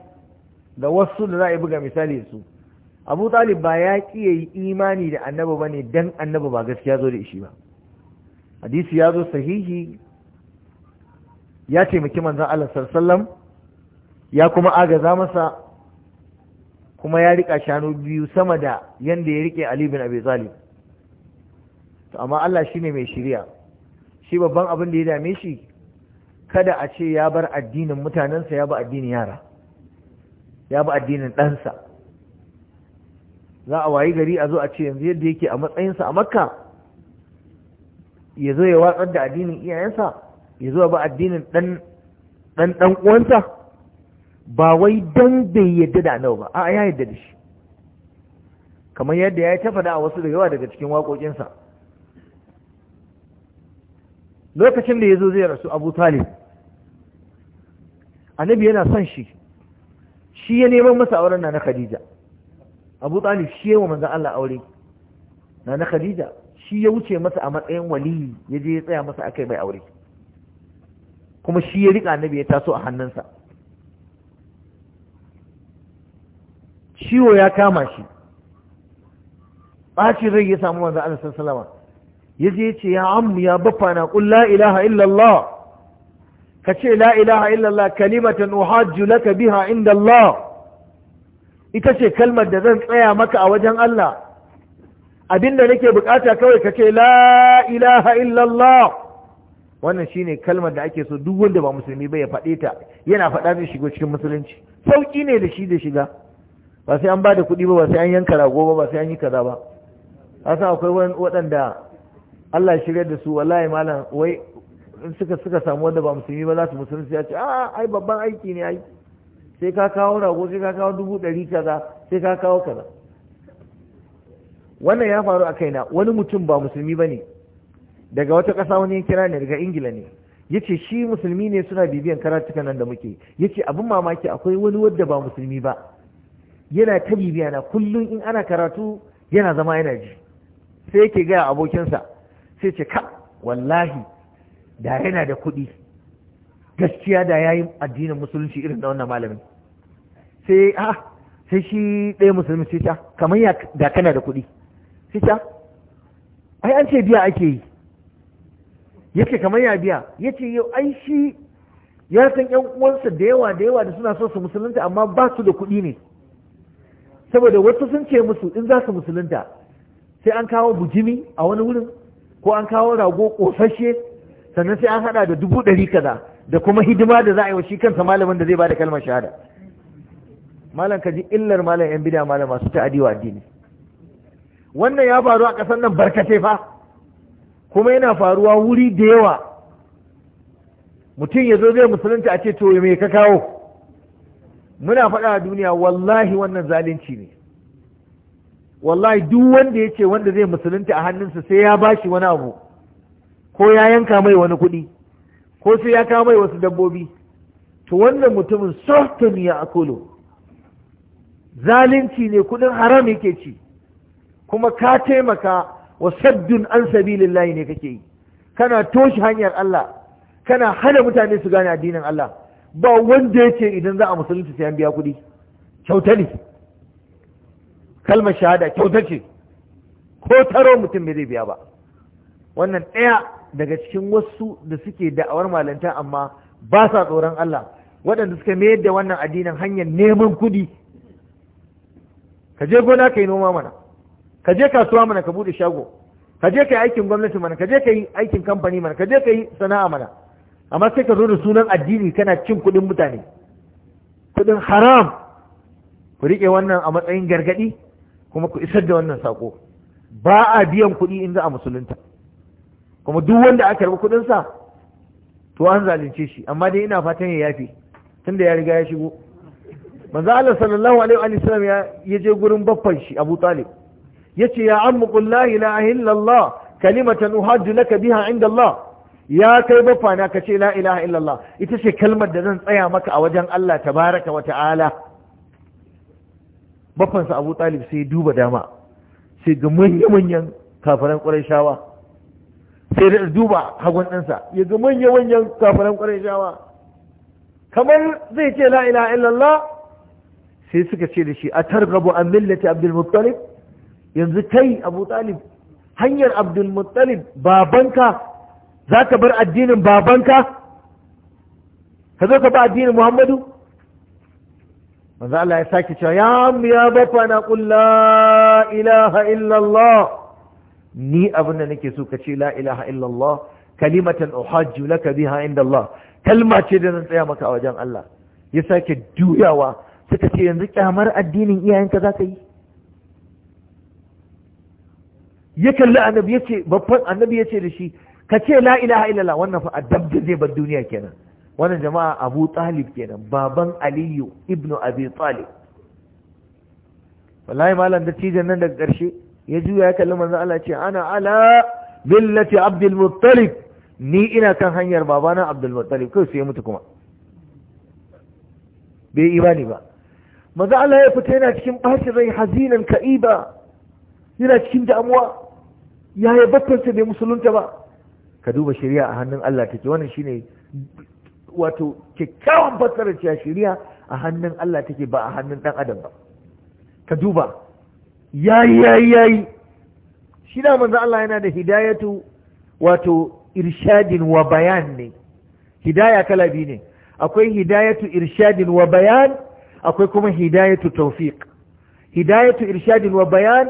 da wasu da za a yi buga misali su abu talib ba ya kiye yi imani da annaba ba ne don annaba ba gaskiya zo da ishi ba hadisi ya zo sahihi ya taimaki manzan Allah sallam ya kuma agaza masa kuma ya rika shanu biyu sama da yanda ya rike Ali bin Abi Talib to amma Allah shine mai shiriya shi babban abin da ya dame shi kada a ce ya bar addinin mutanensa ya bi addinin yara ya bi addinin ɗansa za a wayi gari a zo a ce yanzu yadda yake a matsayinsa a makka ya zo ya watsar da addinin iyayensa ya zuwa ba addinin dan ɗan uwanta uwansa ba wai dan bai yadda da annabi ba a ya yadda da shi kamar yadda ya ta fada a wasu da yawa daga cikin waƙoƙinsa lokacin da ya zo zai rasu abu talib annabi yana son shi shi ya neman masa auren na na khadija abu talib shi yawa manzan allah aure na khadija shi ya wuce masa a matsayin waliyi ya je ya tsaya masa akai bai aure kuma shi ya riƙa annabi ya taso a hannunsa ciwo ya kama shi ɓacin rai ya samu manzo Allah sallallahu ya je ce ya ammu ya baffa na qul la ilaha illallah ka ce la ilaha illallah kalimatan uhajju laka biha inda Allah ita ce kalmar da zan tsaya maka a wajen Allah abinda nake bukata kawai ka ce la ilaha illallah wannan shine kalmar da ake so duk wanda ba musulmi ba ya faɗe ta yana faɗa zai shigo cikin musulunci sauƙi ne da shi da shiga ba sai an ba da kuɗi ba ba sai an yanka rago ba ba sai an yi kaza ba a akwai waɗanda Allah shirya da su wallahi malam wai suka suka samu wanda ba musulmi ba za su musulunci ya ce a ah, ai babban aiki ne ai sai ka kawo rago sai ka kawo dubu ɗari kaza sai ka kawo kaza wannan ya faru a kaina wani mutum ba musulmi ba ne daga wata ƙasa wani ya kira ne daga ingila ne ya ce shi musulmi ne suna bibiyan karatuka nan da muke ya ce abin mamaki akwai wani wadda ba musulmi ba yana ta bibiya na kullum in ana karatu yana zama yana ji sai yake gaya abokinsa sai ce ka wallahi da yana da kuɗi gaskiya da ya yi addinin musulunci irin da wannan malamin sai a ah, sai shi ɗaya musulmi sai ta ah, kamar ya da kana da kuɗi sai ta ah, ai an ce biya ake yi yake kamar ya biya yace yau ai shi ya san yan uwansa da yawa da yawa da suna son su musulunta amma ba su da kuɗi ne saboda wasu sun ce musu in za su musulunta sai an kawo bujimi a wani wurin ko an kawo rago kosashe sannan sai an hada da dubu ɗari kaza da kuma hidima da za a yi wa shi kansa malamin da zai bada kalmar shahada malam ka ji illar malam yan bida malam masu ta'adi wa addini wannan ya faru a ƙasar nan barkatai fa kuma yana faruwa wuri da yawa mutum ya zo zai musulunta a ce to me ka kawo muna faɗa a duniya wallahi wannan zalunci ne wallahi duk wanda ya ce wanda zai musulunta a hannunsa sai ya bashi wani abu ko ya yanka mai wani kuɗi ko sai ya kawo mai wasu dabbobi to wannan mutumin softun ya akulu zalunci ne kuɗin haram yake ci kuma ka taimaka wa saddun an sabilillahi ne kake yi kana toshe hanyar Allah kana hana mutane su gane addinin Allah ba wanda ya ce idan za a musulunci sai biya kuɗi kyauta ne kalmar shahada kyauta ce ko taro mutum bai biya ba wannan ɗaya daga cikin wasu da suke da'awar malanta amma ba sa tsoron Allah waɗanda suka mayar da wannan addinin hanyar neman kuɗi ka je gona ka yi noma mana ka je kasuwa mana ka bude shago ka je ka yi aikin gwamnati mana ka je ka yi aikin kamfani mana ka je ka yi sana'a mana amma sai ka zo da sunan addini kana cin kuɗin mutane kuɗin haram ku riƙe wannan a matsayin gargaɗi kuma ku isar da wannan saƙo ba a biyan kuɗi in za a musulunta kuma duk wanda aka karɓi kuɗinsa to an zalunce shi amma dai ina fatan ya yafe tunda ya riga ya shigo manzo Allah sallallahu alaihi wa sallam ya je gurin baffan shi Abu Talib Ya ce ya ammu qul la ilaha illallah kalimatan uhajju laka biha inda Allah ya kai bafana ka ce la ilaha illallah ita ce kalmar da zan tsaya maka a wajen Allah ta baraka wa ta'ala bafansa Abu Talib sai duba dama sai ga manya-manyan kafaran ƙwarai sai da duba hagun ɗansa ya ga manya-manyan kafaran ƙwarai kamar zai ce la ilaha illallah sai suka ce da shi a targabu an millati abdul muttalib yanzu kai abu talib hanyar abdulmuttalib babanka za ka bar addinin babanka ka zo ka ba addinin muhammadu manzo Allah ya sake cewa ya ya bafa na la ilaha illallah ni abin da nake so ka ce la ilaha illallah kalimatan uhajju laka biha inda Allah kalma ce da zan tsaya maka a wajen Allah ya sake juyawa suka ce yanzu kyamar addinin iyayenka za ka yi ya kalli annabi ya ce babban annabi ya ce da shi ka ce la ilaha illallah wannan fa adab da zai bar duniya kenan wannan jama'a abu talib kenan baban aliyu ibnu abi talib wallahi malam da cijan nan daga ƙarshe ya juya ya kalli manzon Allah ce ana ala billati abdul muttalib ni ina kan hanyar babana abdul muttalib kai sai mutu kuma bai imani ba manzon Allah ya fita yana cikin bacin rai hazinan ka'iba yana cikin damuwa Ya yaya bakwance bai musulunta ba ka duba shari'a a hannun Allah take wannan shine wato kyakkyawan fassara cewa shari'a a hannun Allah take ba a hannun ɗan adam ba ka duba yayi yayi yayi shi da manzo Allah yana da hidayatu wato irshadin wa bayan ne hidaya kala biyu ne akwai hidayatu irshadin wa bayan akwai kuma hidayatu tawfiq hidayatu irshadin wa bayan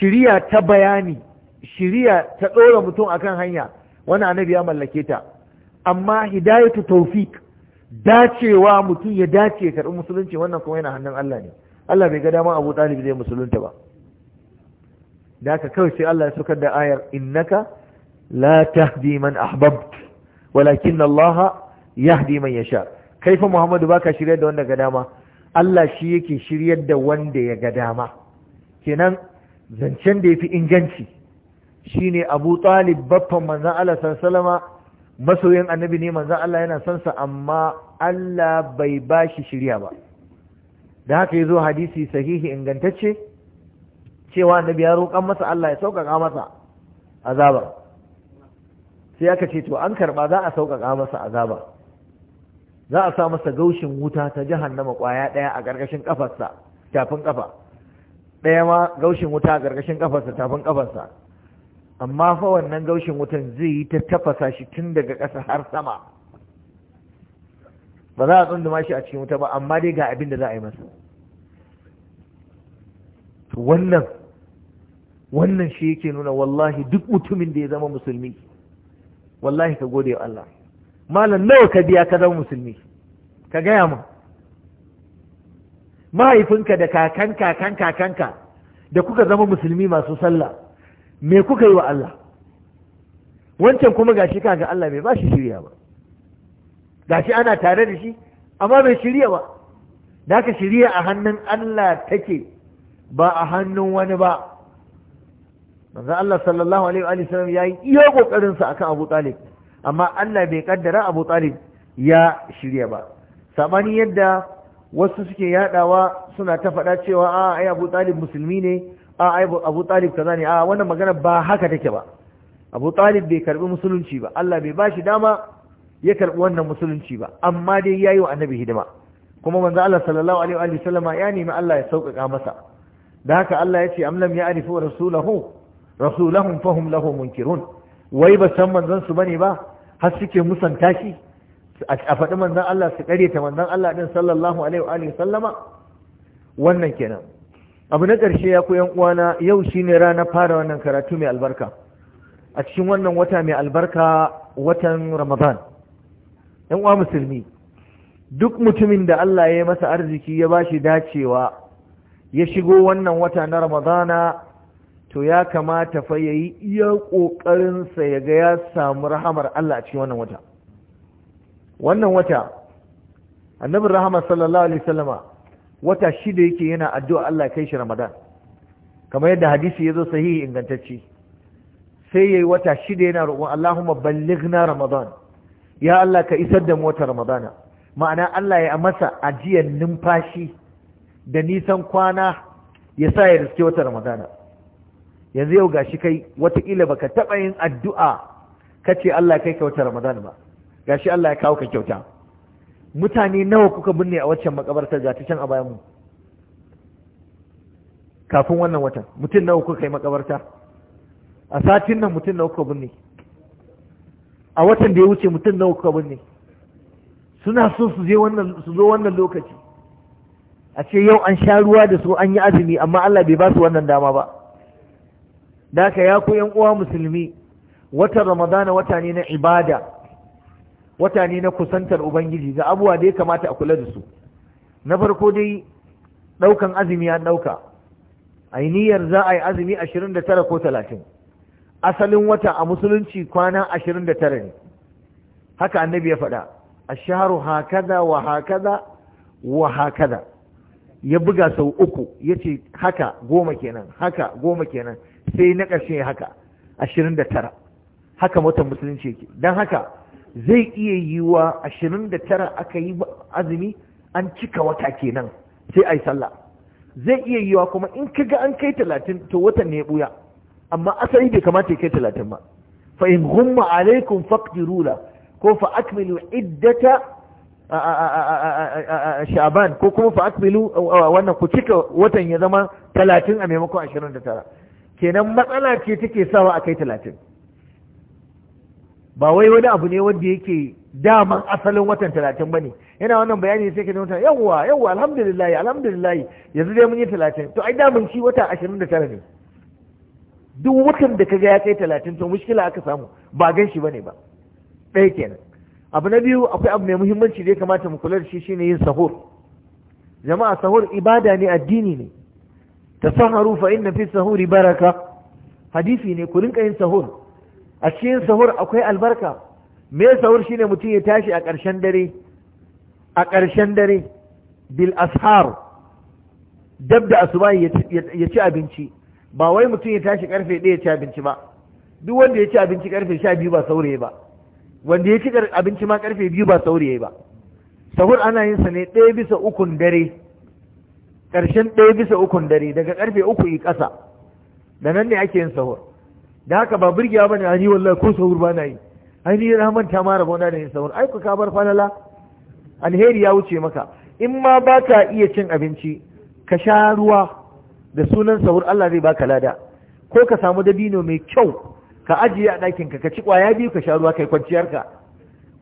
shiriya ta bayani shiriya ta ɗora mutum akan hanya wani annabi ya mallake ta amma hidayatu taufik dacewa mutum ya dace ya karɓi musulunci wannan kuma yana hannun Allah ne Allah bai ga dama Abu ɗalibi zai musulunta ba da haka kawai sai Allah ya saukar da ayar innaka la tahdi man ahbabt walakin Allah yahdi man yasha kai fa Muhammadu baka shiryar da wanda ga dama Allah shi yake shiryar da wanda ya ga dama kenan zancen da yafi inganci Shi ne Abu Talib baffan manzan Allah salama masoyin annabi ne manzan Allah yana son sa amma Allah bai bashi shirya ba da haka zo hadisi sahihi ingantacce cewa annabi ya roƙon masa Allah ya sauƙaƙa masa azaba sai aka ce to an karɓa za a sauƙaƙa masa azaba za a sa masa gaushin wuta ta jahannama ƙwaya ɗaya a ƙarƙashin ƙafarsa tafin ƙafa ɗaya ma gaushin wuta a ƙarƙashin ƙafarsa tafin ƙafarsa amma fa wannan gaushin wutan zai yi ta tafasa shi tun daga ƙasa har sama ba za a tsunduma shi a cikin wuta ba amma dai ga abin da za a yi masa wannan wannan shi yake nuna wallahi duk mutumin da ya zama musulmi wallahi ka gode wa Allah malam nawa ka biya ka zama musulmi ka gaya mu mahaifinka da kakan kakan kakanka da kuka zama musulmi masu sallah me kuka yi wa Allah wancan kuma gashi ga Allah bai ba shi shirya ba gashi ana tare da shi amma bai shirya ba da aka shirya a hannun Allah take ba a hannun wani ba manzo Allah sallallahu alaihi wa sallam yi iya kokarin sa akan Abu Talib amma Allah bai kaddara Abu Talib ya shirya ba sabani yadda wasu suke yadawa suna ta faɗa cewa a ai Abu Talib musulmi ne a abu talib kaza ne a wannan magana ba haka take ba abu talib bai karbi musulunci ba Allah bai bashi dama ya karbi wannan musulunci ba amma dai yayi wa annabi hidima kuma manzo Allah sallallahu alaihi wa ya nemi Allah ya sauƙaƙa masa da haka Allah ya ce am ya ya'rifu rasulahu rasulahum fahum lahu munkirun wai ba san manzon su bane ba har suke musanta shi a faɗi manzon Allah su ta manzon Allah din sallallahu alaihi wa sallama wannan kenan abu na ƙarshe ya ku uwana yau shi ne ranar fara wannan karatu mai albarka a cikin wannan wata mai albarka watan ramadan yan uwa musulmi duk mutumin da Allah ya yi masa arziki ya ba shi dacewa ya shigo wannan wata na ramadana to ya kamata fa ya yi iya ƙoƙarinsa ya ga ya samu rahamar Allah a cikin wannan wata wannan wata annabin rahama sallallahu alaihi wasallama wata shida yake yana addu'a Allah kai shi Ramadan kamar yadda hadisi yazo sahihi ingantacce sai yayi wata shida yana roƙon Allahumma ballighna Ramadan ya Allah ka isar da mu wata Ramadana ma'ana Allah ya masa ajiyan numfashi da nisan kwana ya sa ya riske wata Ramadan yanzu yau gashi kai kila baka taba yin addu'a kace Allah kai ka wata Ramadan ba gashi Allah ya kawo ka kyauta mutane nawa kuka binne a waccan makabartar ga can a bayan mu kafin wannan watan mutum nawa kuka yi makabarta a satin nan mutum nawa kuka binne a watan da ya wuce mutum nawa kuka binne suna so su je wannan su zo wannan lokaci a ce yau an sha ruwa da su an yi azumi amma Allah bai ba su wannan dama ba da ka ya ku yan uwa musulmi watan ramadana wata ne na ibada wata ne na kusantar ubangiji ga abuwa da ya kamata a kula da su na farko dai ɗaukan azumi ya ɗauka a za a yi azumi ashirin da tara ko talatin asalin wata a musulunci kwana ashirin da tara ne haka annabi ya faɗa a shaharu hakada wa hakada wa hakada ya buga sau uku ya ce haka goma kenan haka goma kenan sai na ƙarshe haka ashirin da tara haka watan musulunci yake don haka zai iya yiwa ashirin da tara aka yi azumi an cika wata kenan sai a yi sallah zai iya yiwa kuma in ka ga an kai talatin to watan ne buya amma asali bai kamata ya kai talatin ba fa in gumma alaikum faqdiru la ko fa akmilu iddata sha'ban ko kuma fa akmilu wannan ku cika watan ya zama talatin a maimakon ashirin da tara kenan matsala ce take sawa a kai talatin ba wai wani abu ne wanda yake daman asalin watan talatin ba ne yana wannan bayani sai ka nuna yawwa yawwa alhamdulillahi alhamdulillahi yanzu dai mun yi talatin to ai daman shi wata ashirin da tara ne duk watan da ka ga ya kai talatin to mushkila aka samu ba gan shi ba ne ba ɗaya kenan abu na biyu akwai abu mai muhimmanci da ya kamata mu kula da shi shine yin sahur jama'a sahur ibada ne addini ne tasaharu fa inna fi sahuri baraka hadisi ne ku rinka yin sahur a cikin sahur akwai albarka me sahur shine mutum ya tashi a ƙarshen dare a ƙarshen dare bil ashar dab da asuba ya ci abinci ba wai mutum ya tashi karfe ɗaya ya ci abinci ba duk wanda ya ci abinci karfe sha biyu ba saurayi ba wanda ya ci abinci ma karfe biyu ba saurayi ba sahur ana yin sa ne ɗaya bisa ukun dare ƙarshen ɗaya bisa ukun dare daga karfe uku yi ƙasa da nan ne ake yin sahur da haka ba burgiya bane ani wallahi ko sahur ba na yi ai ni na manta ma na da yin sahur ai ku ka bar falala alheri ya wuce maka in ma ba ka iya cin abinci ka sha ruwa da sunan sahur Allah zai baka lada ko ka samu dabino mai kyau ka ajiye a ɗakin ka ka ci kwaya biyu ka sha ruwa kai kwanciyar ka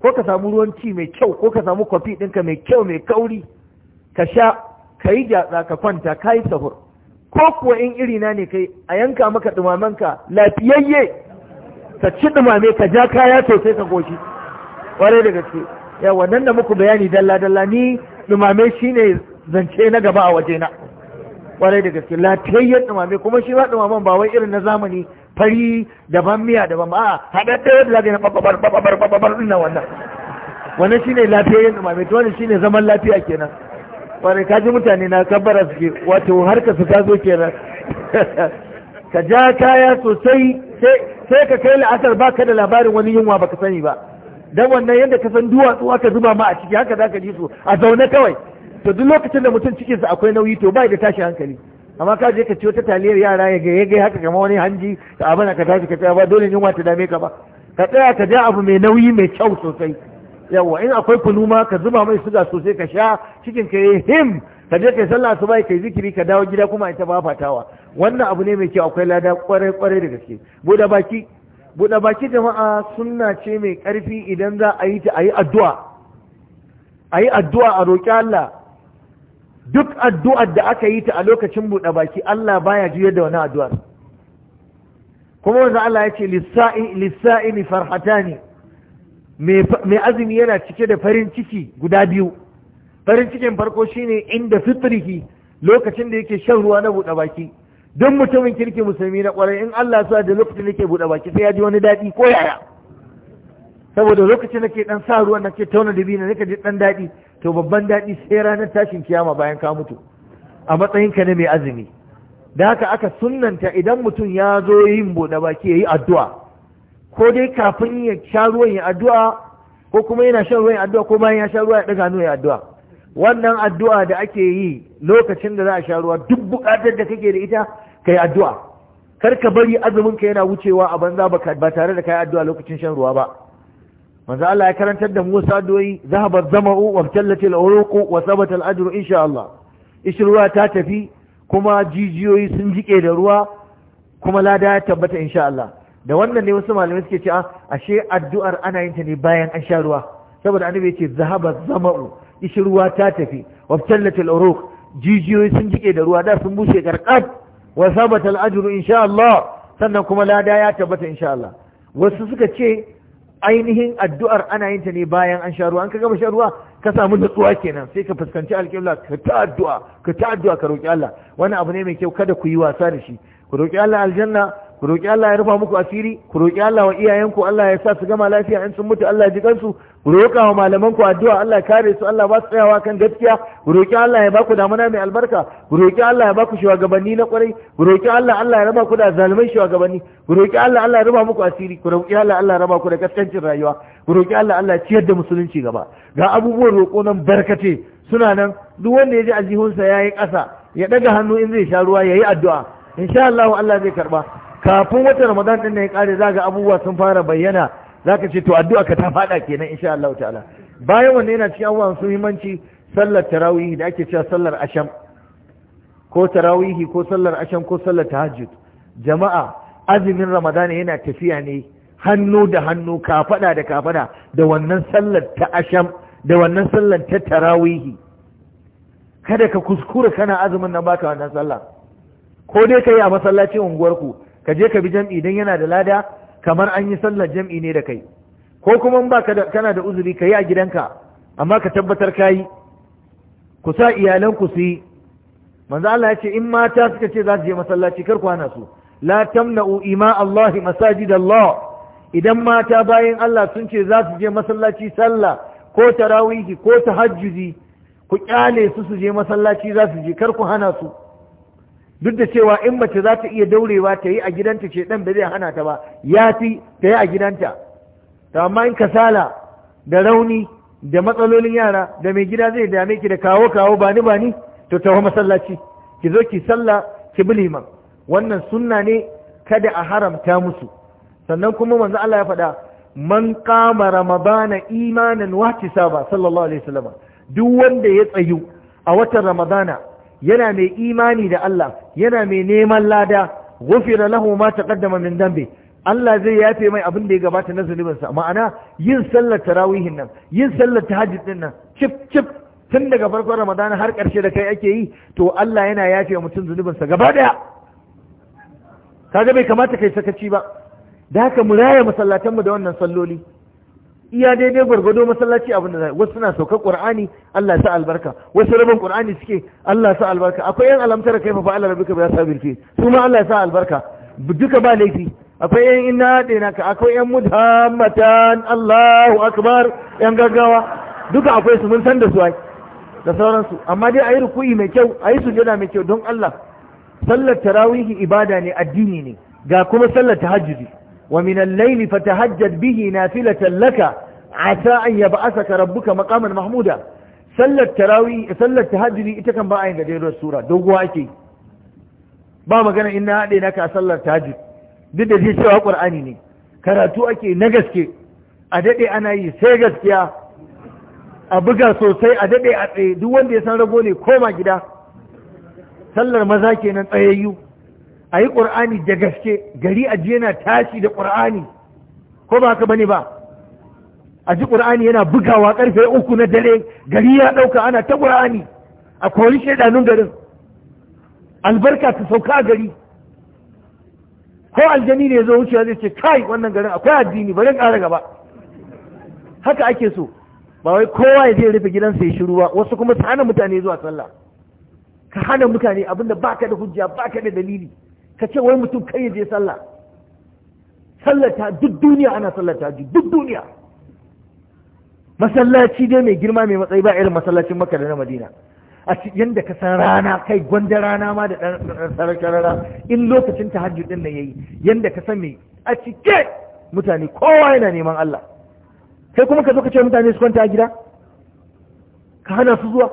ko ka samu ruwan ci mai kyau ko ka samu kwafi ɗinka mai kyau mai kauri ka sha ka yi gyatsa ka kwanta ka yi sahur ko kuwa in iri na ne kai a yanka maka ɗumamanka lafiyayye ka ci ɗumame ka ja kaya sosai ka goshi ƙwarai da gaske Ya wannan da muku bayani dalla dalla ni ɗumame shine zance na gaba a wajena ƙwarai da gaske lafiyayyen ɗumame kuma shi ba dumaman ba wai irin na zamani fari daban miya daban ba haɗaɗɗe da na bababar bababar bababar ɗin wannan wannan shine lafiyayyen ɗumame to wannan shine zaman lafiya kenan wani kaji mutane na kabbara suke wato harka su ta zo kenan ka ja kaya sosai sai ka kai la'asar ba ka da labarin wani yunwa ba ka sani ba don wannan yadda ka san duwatsu aka zuba ma a ciki haka za ka ji su a zaune kawai to duk lokacin da mutum cikinsa akwai nauyi to ba da tashi hankali amma ka je ka ciwo ta taliyar yara ya ga ya haka kamar wani hanji ka abana ka tashi ka tsaya ba dole yunwa ta dame ka ba ka tsaya ka ja abu mai nauyi mai kyau sosai yawa in akwai kuluma ka zuba mai suga sosai ka sha cikin ka yi him ka je yi sallah su ka kai zikiri ka dawo gida kuma ita ba fatawa wannan abu ne mai kyau akwai lada kwarai kwarai da gaske buɗe baki buɗe baki jama'a sunna ce mai ƙarfi idan za a yi ta a yi addu'a a yi addu'a a roƙi Allah duk addu'ar da aka yi ta a lokacin buɗe baki Allah baya juyar da wani addu'ar kuma wanda Allah ya ce lissa'ini farhatani mai azumi yana cike da farin ciki guda biyu farin cikin farko shine inda fitrihi lokacin da yake shan ruwa na buɗe baki don mutumin kirki musulmi na ƙwarai in Allah sa da lokacin da yake buɗe baki sai ya ji wani daɗi ko yaya saboda lokacin da ke ɗan sa ruwan nake tauna da biyu nake ji ɗan daɗi to babban daɗi sai ranar tashin kiyama bayan ka mutu a matsayin ka na mai azumi da haka aka sunnanta idan mutum ya zo yin buɗe baki ya yi addu'a ko dai kafin ya sha ruwan ya addu'a ko kuma yana shan ruwan addu'a ko bayan ya sha ruwa ya daga hannu ya addu'a wannan addu'a da ake yi lokacin da za a sha ruwa duk buƙatar da kake da ita ka yi addu'a kar ka bari azumin ka yana wucewa a banza ba tare da kai addu'a lokacin shan ruwa ba manzo Allah ya karantar da Musa doyi zahabar zama'u wa tallat al-uruq wa sabata al-ajru insha Allah ishruwa ta tafi kuma jijiyoyi sun jike da ruwa kuma lada ya tabbata insha Allah da wannan ne wasu malamai suke ce ashe addu'ar ana yin ta ne bayan an sha ruwa saboda annabi ce zahaba zama'u ishi ruwa ta tafi wabtallatil uruq jijiyoyi sun jike da ruwa da sun bushe karkat wa sabata al insha Allah sannan kuma lada ya tabbata insha Allah wasu suka ce ainihin addu'ar ana yin ta ne bayan an sha ruwa an ka gaba sha ruwa ka samu nutsuwa kenan sai ka fuskanci alƙibla ka ta addu'a ka ta addu'a ka roki Allah Wannan abu ne mai kyau kada ku yi wasa da shi ku roki Allah aljanna ku roƙi Allah ya rufa muku asiri ku roƙi Allah wa iyayenku Allah ya sa su gama lafiya in sun mutu Allah ya ji kansu ku roƙa wa malamanku addu'a Allah ya kare su Allah ba su tsayawa kan gaskiya ku roƙi Allah ya baku damuna mai albarka ku roƙi Allah ya baku shugabanni na ƙwarai ku roƙi Allah Allah ya raba ku da zalimai shugabanni ku roƙi Allah Allah ya raba muku asiri ku roƙi Allah Allah ya raba ku da kaskancin rayuwa ku roƙi Allah Allah ya ciyar da musulunci gaba ga abubuwan roƙo nan barkate suna nan duk wanda ya ji aljihunsa ya yi ƙasa ya ɗaga hannu in zai sha ruwa ya yi addu'a insha Allah Allah zai karɓa kafin wata ramadan din da ya kare zaga abubuwa sun fara bayyana zaka ce to addu'a ka ta fada kenan insha Allah ta'ala bayan wannan yana cikin abubuwan su himanci sallar tarawih da ake cewa sallar asham ko tarawihi ko sallar asham ko sallar tahajjud jama'a azumin ramadan yana tafiya ne hannu da hannu kafada da kafada da wannan sallar ta asham da wannan sallar ta tarawihi kada ka kuskura kana azumin nan baka wannan sallar ko dai ka a masallacin unguwarku ka je ka bi jam'i idan yana da lada kamar an yi sallar jam'i ne da kai ko kuma ba kana da uzuri ka yi a gidanka amma ka tabbatar ka yi ku sa iyalanku su yi manzo Allah ya ce in mata suka ce za su je masallaci kar ku hana su la tamna'u ima Allah masajid Allah idan mata bayan Allah sun ce za su je masallaci sallah ko tarawihi ko tahajjudi ku kyale su su je masallaci za su je kar ku hana su duk da cewa in mace za ta iya daurewa ta yi a gidanta ce ɗan ba zai hana ta ba ya fi ta yi a gidanta ta amma in kasala da rauni da matsalolin yara da mai gida zai dame ki da kawo kawo bani bani to taho masallaci ki zo ki salla ki bi liman wannan sunna ne kada a haramta musu sannan kuma manzo Allah ya faɗa man qama ramadana imanan wa tisaba sallallahu alaihi wasallam duk wanda ya tsayu a watan ramadana yana mai imani da Allah yana mai neman lada gufira lahu ma taqaddama min dambe Allah zai yafe mai abin da ya gabata na zunubinsa ma'ana yin sallar tarawihin nan yin sallar tahajjud din nan cip cip tun daga farkon ramadana har ƙarshe da kai ake yi to Allah yana yafe mutum zunubinsa gaba daya kaga bai kamata kai sakaci ba da haka mu raya mu da wannan salloli iya daidai gwargwado masallaci abin da wasu suna saukar qur'ani Allah sa albarka wasu rabin qur'ani suke Allah sa albarka akwai yan alamtar kai fa Allah rabbika bi asabil fi su ma Allah sa albarka duka ba laifi akwai yan inna dina ka akwai yan mudhammatan Allahu akbar yan gaggawa duka akwai su mun san da su ai da sauransu amma dai ayi ruku'i mai kyau ayi sujada mai kyau don Allah sallar tarawihi ibada ne addini ne ga kuma sallar tahajjudi ومن الليل فتهجد به نافلة لك عسى أن يبعثك ربك مقاما محمودا سلة تراوي سلة تهجدي إتكم بقى عند دير السورة دوقوا أكي بابا كان إن هذه نكا سلة تهجد duk da shi cewa ƙur'ani ne karatu ake na gaske a daɗe ana yi sai gaskiya a buga sosai a daɗe a tsaye duk wanda ya san rago ne koma gida sallar maza kenan tsayayyu a yi ƙur'ani da gaske gari a ji yana tashi da ƙur'ani ko ba haka bane ba a ji ƙur'ani yana bugawa ƙarfe uku na dare gari ya ɗauka ana ta ƙur'ani a kori shaidanun garin albarka ta sauka a gari ko aljani ne zo wucewa zai ce kai wannan garin akwai addini bari ƙara gaba haka ake so ba wai kowa ya zai rufe gidansa ya shiru ba wasu kuma su hana mutane zuwa sallah ka hana mutane abinda baka da hujja baka da dalili ka ce wai mutum kai ya je sallah sallata duk duniya ana sallata ji duk duniya masallaci dai mai girma mai matsayi ba irin masallacin maka da na madina a yadda ka san rana kai gwanda rana ma da ɗan sarara in lokacin ta hajji ɗin na yayi yadda ka san me a cike mutane kowa yana neman Allah kai kuma ka zo ka ce mutane su kwanta a gida ka hana su zuwa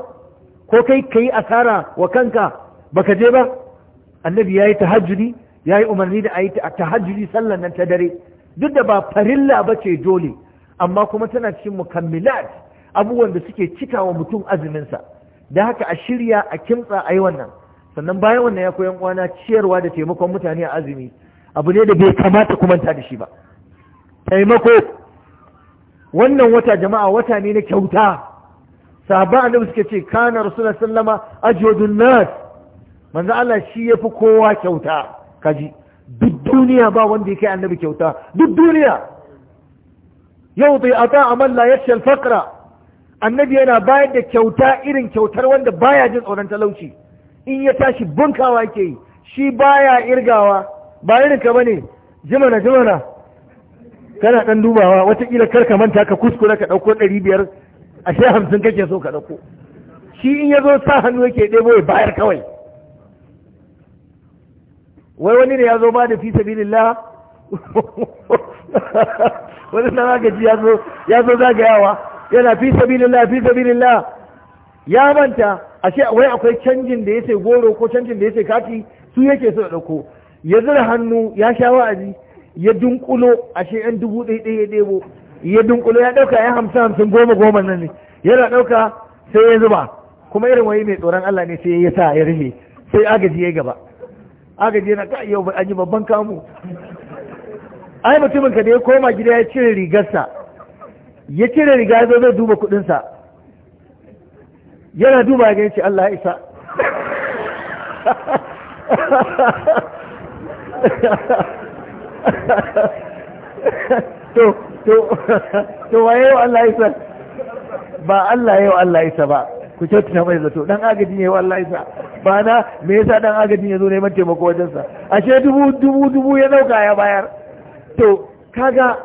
ko kai ka yi asara wa kanka baka je ba annabi ya yi tahajjudi ya yi umarni da a yi tahajjudi sallan nan ta dare duk da ba farilla ba ce dole amma kuma tana cikin mukammilat abubuwan da suke cika wa mutum azuminsa da haka a shirya a kimtsa a yi wannan sannan bayan wannan ya koyan kwana ciyarwa da taimakon mutane a azumi abu ne da bai kamata ku manta da shi ba taimako wannan wata jama'a wata ne na kyauta sahabba annabi suke ce kana rasulullahi sallama ajwadun nas manzo Allah shi yafi kowa kyauta kaji duk duniya ba wanda yake annabi kyauta duk duniya yawdi ata amal la man al-faqra annabi yana bayar da kyauta irin kyautar wanda baya jin tsoron talauci in ya tashi bunkawa yake yi shi baya irgawa ba irin ka bane jimana jimana kana dan dubawa watakila kar ka manta ka kuskure ka dauko 500 ashe 50 kake so ka dauko shi in yazo sa hannu yake ɗebo ya bayar kawai wai wani ne ya zo ba da fi sabilillah wani na magaji ya zo ya zo zagayawa yana fi sabilillah fi sabilillah ya manta ashe wai akwai canjin da yace goro ko canjin da yace kati su yake so dauko ya zura hannu ya sha wa'azi ya dunkulo ashe yan dubu ɗaya ɗaya ya ɗebo ya dunkulo ya ɗauka ya hamsin hamsin goma goma nan ne yana ɗauka sai ya zuba kuma irin wani mai tsoron Allah ne sai ya sa ya rufe sai agaji ya gaba aka je na ka yau ba an yi babban kamu ai mutumin ka da ya koma gida ya cire rigarsa ya cire riga ya zai duba kudinsa yana duba ya ce Allah ya isa to to to waye wa Allah isa ba Allah ya wa Allah isa ba ku ce tuna mai zato dan agaji ne wa Allah isa bana me yasa dan agajin ya zo neman taimako wajensa ashe dubu dubu dubu ya dauka ya bayar to kaga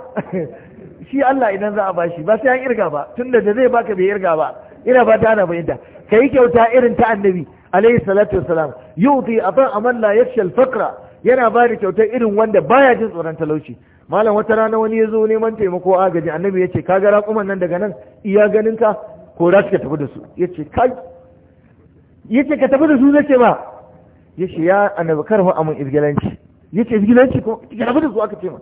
shi Allah idan za a bashi ba sai an irga ba tunda da zai baka bai irga ba ina ba ta ana bayyana kai kyauta irin ta annabi alaihi salatu wassalam yuti aban aman la yakhsha fakra yana ba da kyautar irin wanda baya jin tsoron talauci malam wata rana wani ya zo neman taimako agaji annabi ya ce kaga raƙuman nan daga nan iya ganin ka ko za su tafi da su ya ce kai yace ka tafi da su zai ce Ya yace ya annabi karfa amin izgilanci yace izgilanci ko ka tafi da su aka ce ma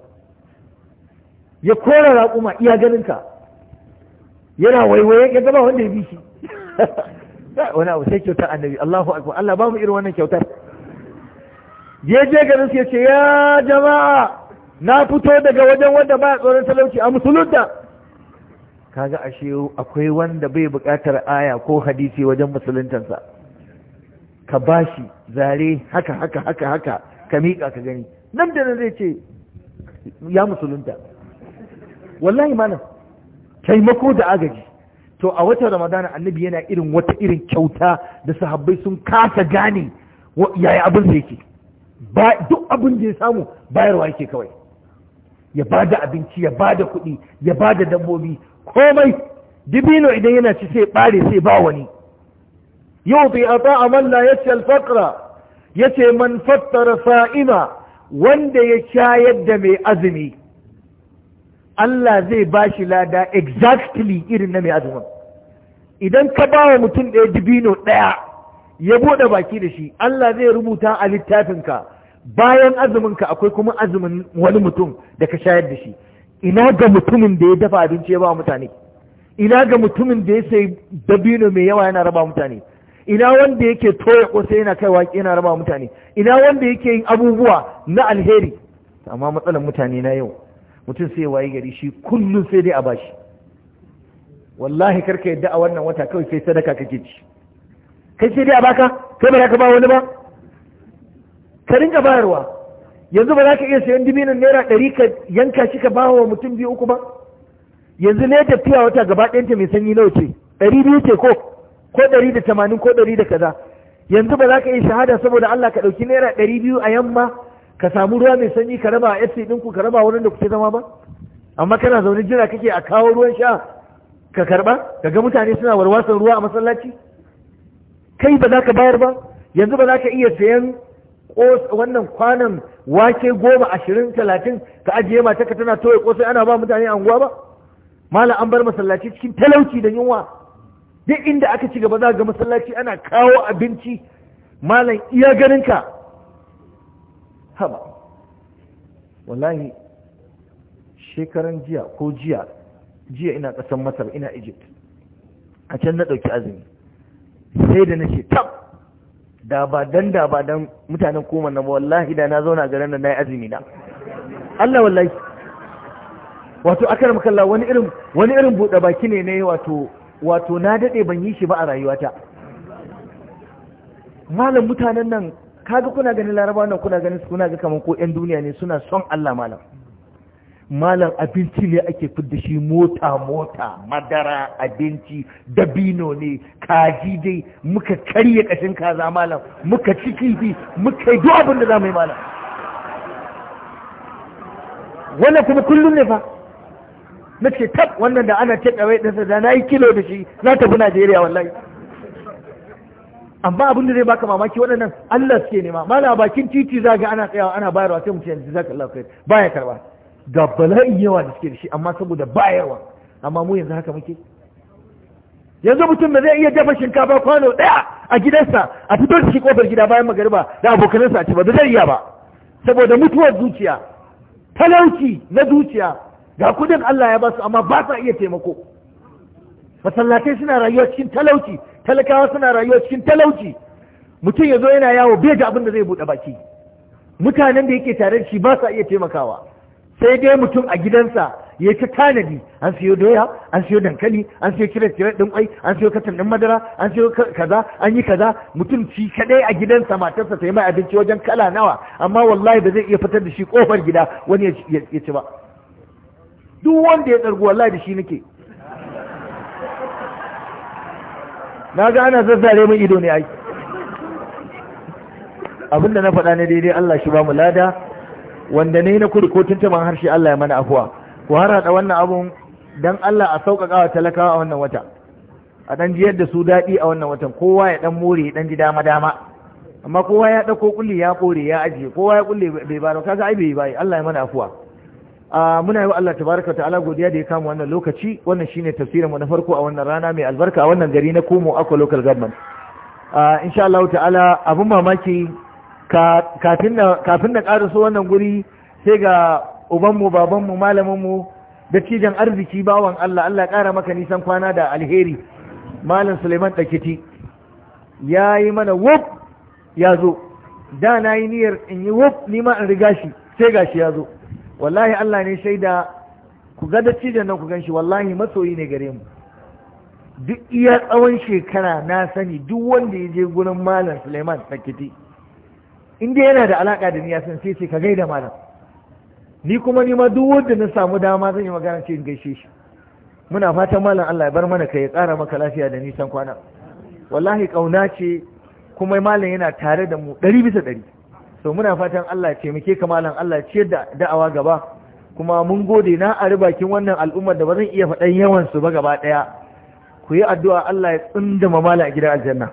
ya kora raƙuma iya ganin ka yana waiwaye ya gaba wanda ya bi shi wani abu sai kyautar annabi Allahu akbar Allah ba mu irin wannan kyautar ya je ga su ya ce ya jama'a na fito daga wajen wanda ba tsoron talauci a musulunta kaga ashe akwai wanda bai buƙatar aya ko hadisi wajen musuluntansa ka bashi zare haka haka haka haka ka miƙa ka gani nan da nan zai ce ya musulunta wallahi mana taimako da agaji to a watan ramadana annabi yana irin wata irin kyauta da sahabbai sun kasa gane yayi abin da yake duk abin da ya samu bayarwa yake kawai ya ba da abinci ya ba da kuɗi ya ba da dabbobi komai dibino idan yana ci sai ɓare sai ba wani yu'ti a man la yashqa al ya ce man fattara sa'ima wanda ya shayar da mai azumi Allah zai ba shi lada exactly irin na mai azumin idan ka ba wa mutum ɗaya dibino ɗaya ya buɗe baki da shi Allah zai rubuta a littafinka bayan azuminka akwai kuma azumin wani mutum da ka shayar da shi ina ga mutumin da ya dafa abinci ya ba mutane ina ga mutumin da ya sai dabino mai yawa yana raba mutane ina wanda yake toya kusa yana kaiwa yana raba mutane ina wanda yake yin abubuwa na alheri amma matsalar mutane na yau mutum sai waye gari shi kullum sai dai a bashi wallahi karka yadda a wannan wata kawai sai sadaka kake ci kai sai dai a baka kai ba za ka ba wani ba ka rinka bayarwa yanzu ba za ka iya sayan diminan naira ɗari ka yanka shi ka bawa mutum biyu uku ba yanzu ne tafiya wata gaba ɗayanta mai sanyi nawa ce ɗari biyu ce ko ko ɗari da tamanin ko ɗari da kaza yanzu ba za ka yi shahada saboda Allah ka ɗauki naira ɗari biyu a yamma ka samu ruwa mai sanyi ka raba a SC ɗinku ka raba wurin da kuke zama ba amma kana zaune jira kake a kawo ruwan sha ka karɓa ka ga mutane suna warwasan ruwa a masallaci kai ba za ka bayar ba yanzu ba za ka iya sayan wannan kwanan wake goma ashirin talatin ka ajiye mata ka tana toye kosai ana ba mutane anguwa ba mala an bar masallaci cikin talauci da yunwa duk inda aka ci gaba za ga masallaci ana kawo abinci malam iya ganinka haba wallahi shekaran jiya ko jiya jiya ina kasan masar ina egypt a can na ɗauki azumi sai da na ce tab da ba dan da ba dan mutanen koma na wallahi da na zauna garin da na yi azumi na Allah wallahi wato akar makalla wani irin wani irin buɗe baki ne ne wato wato na daɗe ban yi shi ba a rayuwata malam mutanen nan kaga kuna ganin laraba nan kuna ganin kuna ga kamar ko yan duniya ne suna son Allah malam malam abinci ne ake fidda shi mota mota madara abinci dabino ne kaji dai muka karye kashin kaza malam muka ci kifi muka yi duk abin da za mu yi malam wannan kuma kullum ne fa na ce tab wannan da ana take away sa da na yi kilo da shi na tafi Najeriya wallahi amma abin da zai baka mamaki waɗannan Allah suke nema mala bakin titi za ga ana tsayawa ana bayarwa sai mutum yanzu zaka Allah kai baya karba ga bala'in yawa da suke da shi amma saboda bayarwa amma mu yanzu haka muke yanzu mutum da zai iya dafa shinkafa kwano ɗaya a gidansa a fito da shi kofar gida bayan magariba da abokanansa a ci ba da zai iya ba saboda mutuwar zuciya talauci na zuciya ga kudin Allah ya basu amma ba sa iya taimako masallatai suna rayuwa cikin talauci talakawa suna rayuwa cikin talauci mutum ya zo yana yawo bai da abin da zai buɗe baki mutanen da yake tare da shi ba sa iya taimakawa sai dai mutum a gidansa ya ta tanadi an siyo doya an siyo dankali an siyo kiran kiran din kwai an siyo katan din madara an siyo kaza an yi kaza mutum shi kadai a gidansa matarsa ta yi mai abinci wajen kala nawa amma wallahi ba zai iya fitar da shi kofar gida wani ya ci ba duk wanda ya tsargu wallahi da shi nake na ga ana sassare min ido ne ai abinda na faɗa ne daidai Allah shi ba mu lada wanda ne na kuri ko tuntuman harshe Allah ya mana afuwa ku har haɗa wannan abun don Allah a sauƙaƙa wa talakawa a wannan wata a ɗan jiyar da su daɗi a wannan watan kowa ya ɗan more ya ɗan ji dama dama amma kowa ya ɗauko ƙulli ya ƙore ya ajiye kowa ya ƙulle bai ba kaga ai bai bai Allah ya mana afuwa muna yi wa Allah tabaraka ta'ala godiya da ya kama wannan lokaci wannan shine tafsirin mu na farko a wannan rana mai albarka a wannan gari na Komo Akwa Local Government insha Allah ta'ala abin mamaki kafin na kafin na wannan guri sai ga uban mu baban mu malamin dattijan arziki bawan Allah Allah ya kara maka nisan kwana da alheri malam Suleiman Dakiti yi mana wuf ya zo da na yi niyyar in yi wuf ni ma in riga shi sai gashi ya zo wallahi Allah ne shaida ku ga dattijan nan ku gan shi wallahi masoyi ne gare mu duk iya tsawon shekara na sani duk wanda ya je gurin malam Suleiman Sakiti inda yana da alaka da niyasan sai sai ka gaida malam ni kuma ni ma duk wanda na samu dama zan yi magana ce in gaishe shi muna fatan malam Allah ya bar mana kai ya kara maka lafiya da nisan kwana wallahi kauna ce kuma malam yana tare da mu ɗari bisa ɗari so muna fatan Allah ce muke kamalan Allah ce da da'awa gaba kuma mun gode na a bakin wannan al'ummar da ba zan iya faɗan yawan su ba gaba ɗaya ku yi addu'a Allah ya tsindama mala a gidan aljanna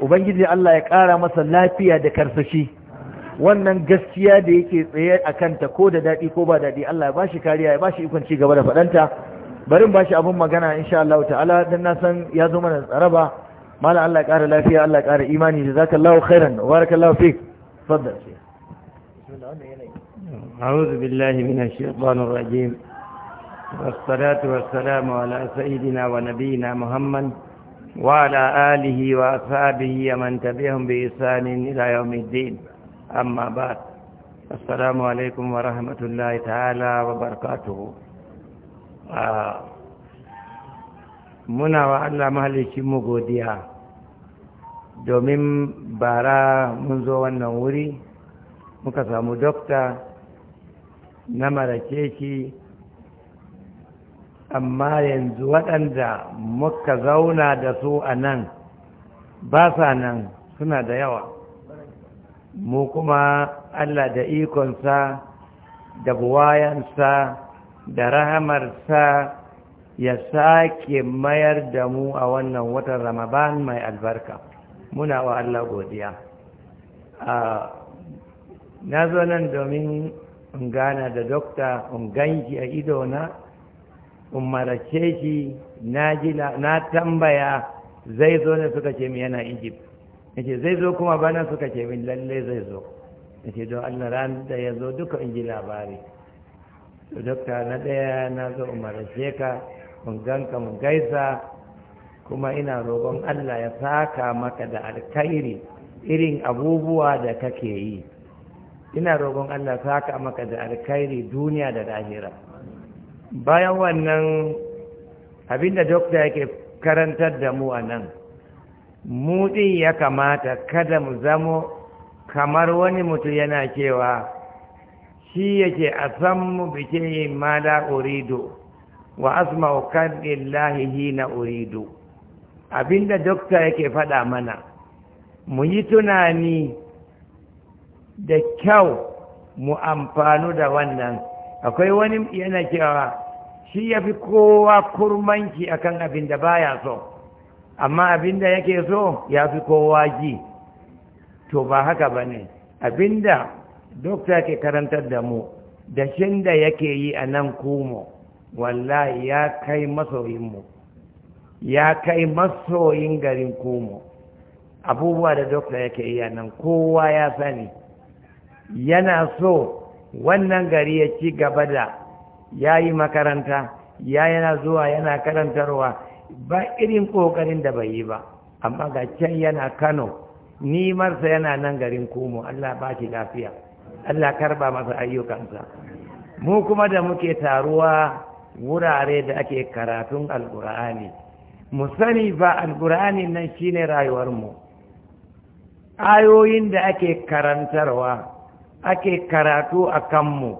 ubangiji Allah ya ƙara masa lafiya da karsashi wannan gaskiya da yake tsaye a kanta ko da daɗi ko ba daɗi Allah ya bashi kariya ya bashi ikon ci gaba da faɗanta barin bashi abin magana insha Allah ta'ala dan na san ya zo mana tsaraba mala Allah ya ƙara lafiya Allah ya ƙara imani jazakallahu khairan wa barakallahu fik تفضل شيخ أعوذ بالله من الشيطان الرجيم والصلاة والسلام على سيدنا ونبينا محمد وعلى آله وأصحابه ومن تبعهم بإحسان إلى يوم الدين أما بعد السلام عليكم ورحمة الله تعالى وبركاته آه. muna wa Allah mahalicin mu godiya domin bara mun zo wannan wuri muka samu dokta na mara marakeki amma yanzu waɗanda muka zauna da su a nan ba sa nan suna da yawa mu kuma allah da ikonsa da buwayansa da rahamarsa ya sake mayar da mu a wannan watan ramadan mai albarka muna wa Allah godiya na zo nan domin in gana da dokta in ganji a idona in marace shi na tambaya zai zo ne suka ce min yana egypt ce zai zo kuma bana suka ce min lalle zai zo ce don allah ran da ya zo duka in ji labari dokta na ɗaya na zo in marace ka in ganka mun gaisa kuma ina roƙon Allah ya saka maka da alkhairi irin abubuwa da kake yi ina roƙon Allah ya saka maka da alkhairi duniya da lahira bayan wannan abinda dokta yake karantar da mu a nan mu ɗin ya kamata kada mu zamo kamar wani mutum yana cewa shi yake a san mu bikin mala urido wa asma'u kan na hina urido abinda dokta yake faɗa mana mu yi tunani da kyau mu amfanu da wannan akwai wani yana cewa shi ya fi kowa kurmanci akan abinda baya so amma abinda yake so ya fi kowa ji to ba haka ba ne abin dokta ke karantar da mu da shin da yake yi a nan kumo wallahi ya kai masoyinmu ya kai masoyin garin komo abubuwa da dokta yake iya nan kowa ya sani yana so wannan gari ya ci gaba da ya yi makaranta ya yana zuwa yana karantarwa ba irin ƙoƙarin da bai yi ba amma ga can yana kano nimarsa yana nan garin komo allah ba ki lafiya allah karba masa ayyukansa mu kuma da muke taruwa wurare da ake karatun alkur'ani mu sani ba alkur'ani nan shine rayuwarmu ayoyin da ake karantarwa ake karatu a kanmu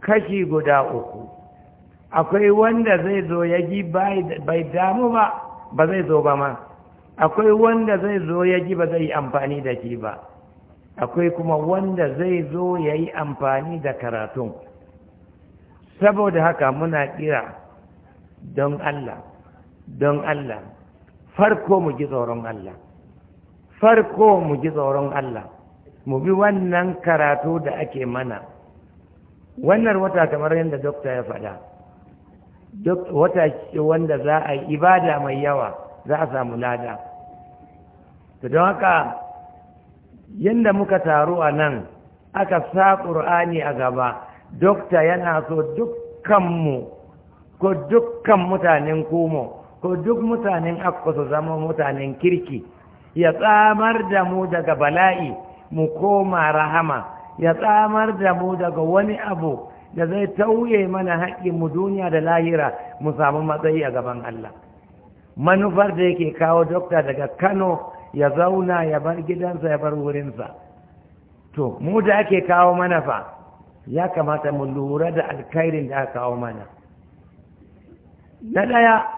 kashi guda uku akwai wanda zai zo ya ji bai damu ba ba zai zo ba ma akwai wanda zai zo ya ji ba zai yi amfani da shi ba akwai kuma wanda zai zo ya yi amfani da karatun saboda haka muna kira don Allah don Allah farko mu ji tsoron Allah farko mu ji tsoron Allah mu bi wannan karatu da ake mana wannan wata kamar yadda dokta ya faɗa wata wanda za a yi ibada mai yawa za a samu lada to don haka yadda muka taru a nan aka sa ƙur'ani a gaba dokta yana so dukkanmu ko dukkan mutanen komo ko duk mutanen akko su zama mutanen kirki ya tsamar da mu daga bala'i mu koma rahama ya tsamar da mu daga wani abu da zai tauye mana mu duniya da lahira mu samu matsayi a gaban Allah manufar da yake kawo dokta daga Kano ya zauna ya bar gidansa ya bar wurinsa to mu da ake kawo mana fa ya kamata mu lura da alkhairin da aka kawo mana na ɗaya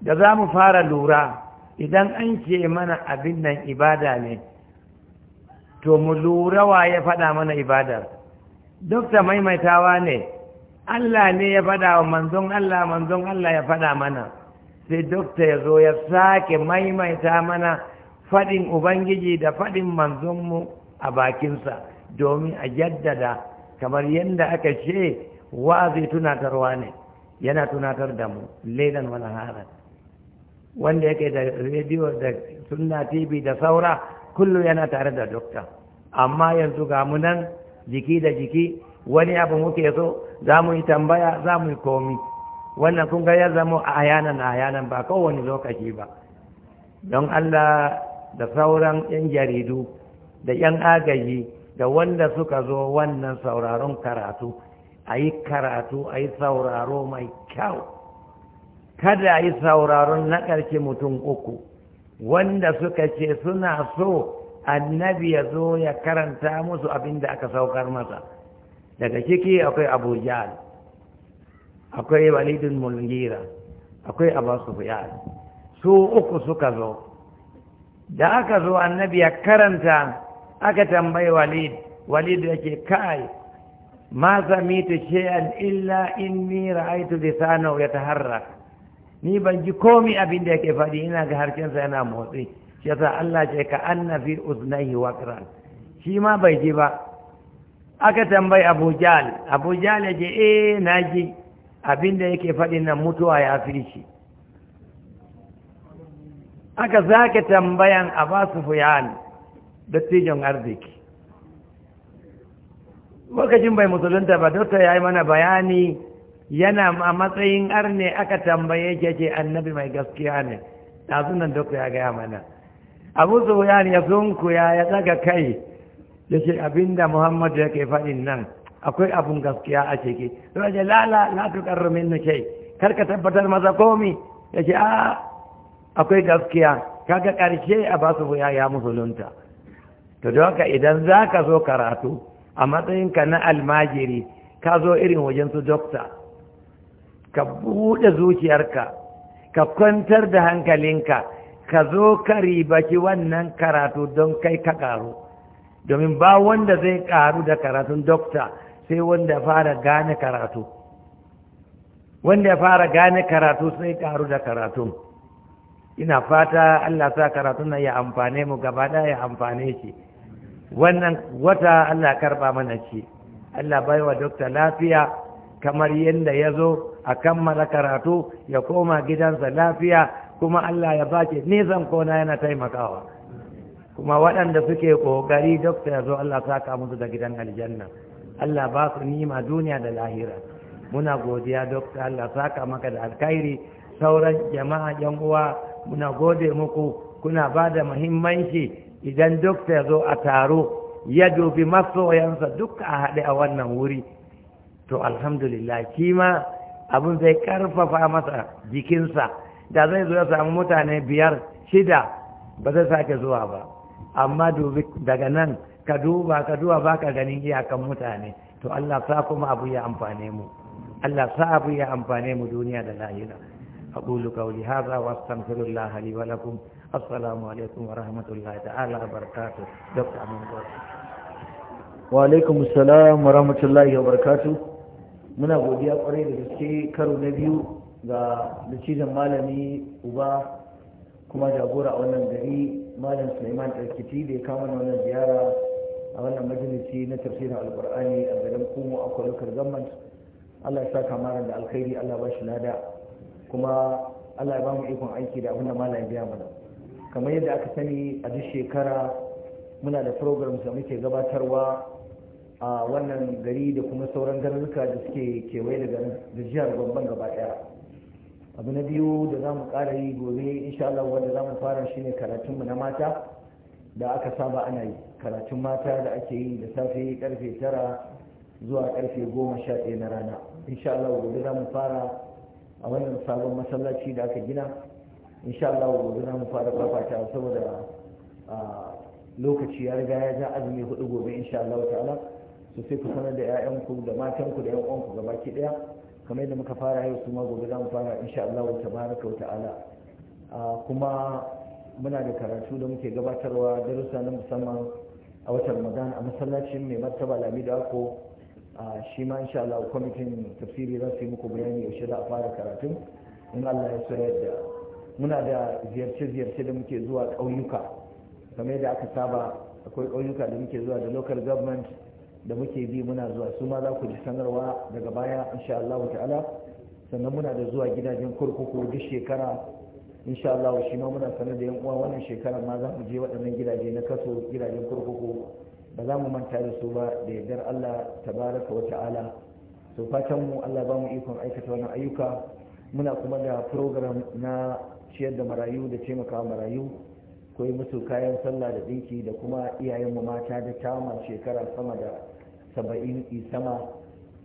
da za mu fara lura idan an ce mana abin nan ibada ne to mu lura wa ya faɗa mana ibadar duk da maimaitawa ne Allah ne ya faɗa wa manzon Allah manzon Allah ya faɗa mana sai dokta ya zo ya sake maimaita mana faɗin Ubangiji da faɗin manzonmu a bakinsa domin a jaddada kamar yadda aka ce wa'azi tunatarwa ne yana tunatar da mu lelan wani harar wanda yake da rediyo da sunna tv da saura kullum yana tare da dokta amma yanzu ga mu nan jiki da jiki wani abu muke so za mu yi tambaya za mu yi komi wannan kun ga ya zama a ayanan ayanan ba kowane lokaci ba don allah da sauran 'yan jaridu da 'yan agaji da wanda suka zo wannan sauraron karatu a yi karatu a yi sauraro mai kyau kada yi sauraron na ƙarshe mutum uku wanda suka ce suna so annabi ya zo ya karanta musu abin da aka saukar masa daga ciki akwai abu jihar akwai walidin mulgira akwai abasu fiyar su uku suka zo da aka zo annabi ya karanta aka tambayi walid walid yake kai ma samitu shay'an illa in inni ra'aytu ta yataharrak ni ban ji komi abin da yake faɗi ina ga harkensa yana motsi shi yasa Allah ce ka anna fi uznaihi waqran shi ma bai ji ba aka tambayi Abu Jahl Abu Jahl ya ce eh na ji abin da yake faɗi nan mutuwa ya fi shi aka zaka tambayan Abu da dattijon arziki lokacin bai musulunta ba dokta ya yi mana bayani yana a matsayin arne aka tambaye shi annabi mai gaskiya ne ɗazunan duk ya gaya mana abu su ya sunkuya ya tsaga kai ya ce abinda muhammadu ya ke faɗin nan akwai abun gaskiya a ciki zuwa ce lala na tuqarru minni shay kar ka tabbatar masa komi ya ce a akwai gaskiya kaga ƙarshe a basu buya ya musulunta to don haka idan za ka zo karatu a matsayinka na almajiri ka zo irin wajen su dokta ka buɗe zuciyarka ka kwantar da hankalinka ka zo ka ribaci wannan karatu don kai ka ƙaru domin ba wanda zai ƙaru da karatun dokta sai wanda fara gane karatu wanda ya fara gane karatu sai ƙaru da karatu. ina fata Allah sa karatun nan ya amfane mu gaba ɗaya ya amfane shi wannan wata Allah karɓa mana shi Allah baiwa dokta lafiya kamar yadda ya zo a kammala karatu ya koma gidansa lafiya kuma Allah ya baki nisan kona yana taimakawa kuma waɗanda suke ƙoƙari dokta ya zo Allah saka musu da gidan aljanna Allah ba su nima duniya da lahira muna godiya dokta Allah saka maka da alkhairi sauran jama'a yan uwa muna gode muku kuna ba da muhimmanci idan dokta ya zo a taro ya dubi masoyansa duk a haɗe a wannan wuri to alhamdulillah kima abin zai karfafa masa jikinsa da zai zo ya samu mutane biyar shida ba zai sake zuwa ba amma dubi daga nan ka duba ka duba baka ganin iyakan mutane to Allah sa kuma abu ya amfane mu Allah sa abu ya amfane mu duniya da lahira أقول قولي هذا وأستغفر الله لي ولكم السلام عليكم ورحمة الله تعالى وبركاته دكتور وعليكم السلام ورحمة الله وبركاته muna godiya kwarai da gaske karo na biyu ga lucijan malami uba kuma jagora a wannan gari malam suleiman ɗarkiti da ya kama wannan ziyara a wannan majalisi na tafsirin alkur'ani a garin kuma a kwalukar gamman allah ya saka malam da alkhairi allah ba shi lada kuma allah ya ba mu ikon aiki da abin da malam ya biya mana kamar yadda aka sani a duk shekara muna da programs da muke gabatarwa a wannan gari da kuma sauran garuruka da suke kewaye da garin da jihar gwamban gaba daya abu na biyu da za mu kara yi gobe insha Allah wanda za mu fara shi ne karatunmu na mata da aka saba ana yi karatun mata da ake yi da safe karfe tara zuwa karfe goma sha ɗaya na rana insha Allah gobe za mu fara a wannan sabon masallaci da aka gina insha Allah gobe za mu fara fafata saboda ah, lokaci ya riga ya ja azumi hudu gobe insha Allah ta'ala to sai ku sanar da 'ya'yanku da matanku da 'yan'uwanku ga baki ɗaya kamar yadda muka fara yau su gobe za mu fara insha Allah baraka wata ala kuma muna da karatu da muke gabatarwa darussa na musamman a watan Ramadan a masallacin mai martaba Lami da Ako shi ma insha Allah kwamitin tafsiri za su yi muku bayani yaushe za a fara karatun in Allah ya so yadda muna da ziyarce-ziyarce da muke zuwa ƙauyuka kamar yadda aka saba akwai ƙauyuka da muke zuwa da local government da muke bi muna zuwa su ma za ku ji sanarwa daga baya insha Allah ta'ala sannan muna da zuwa gidajen kurkuku duk shekara insha Allah shi ma muna sanar da yan uwa wannan shekarar ma za mu je waɗannan gidaje na kaso gidajen kurkuku ba za mu manta da su ba da yardar Allah tabaraka wa ta'ala to fatan mu Allah ba mu ikon aikata wannan ayyuka muna kuma da program na ciyar da marayu da taimaka marayu koyi musu kayan sallah da dinki da kuma iyayen mu mata da tama shekara sama da saba'in isama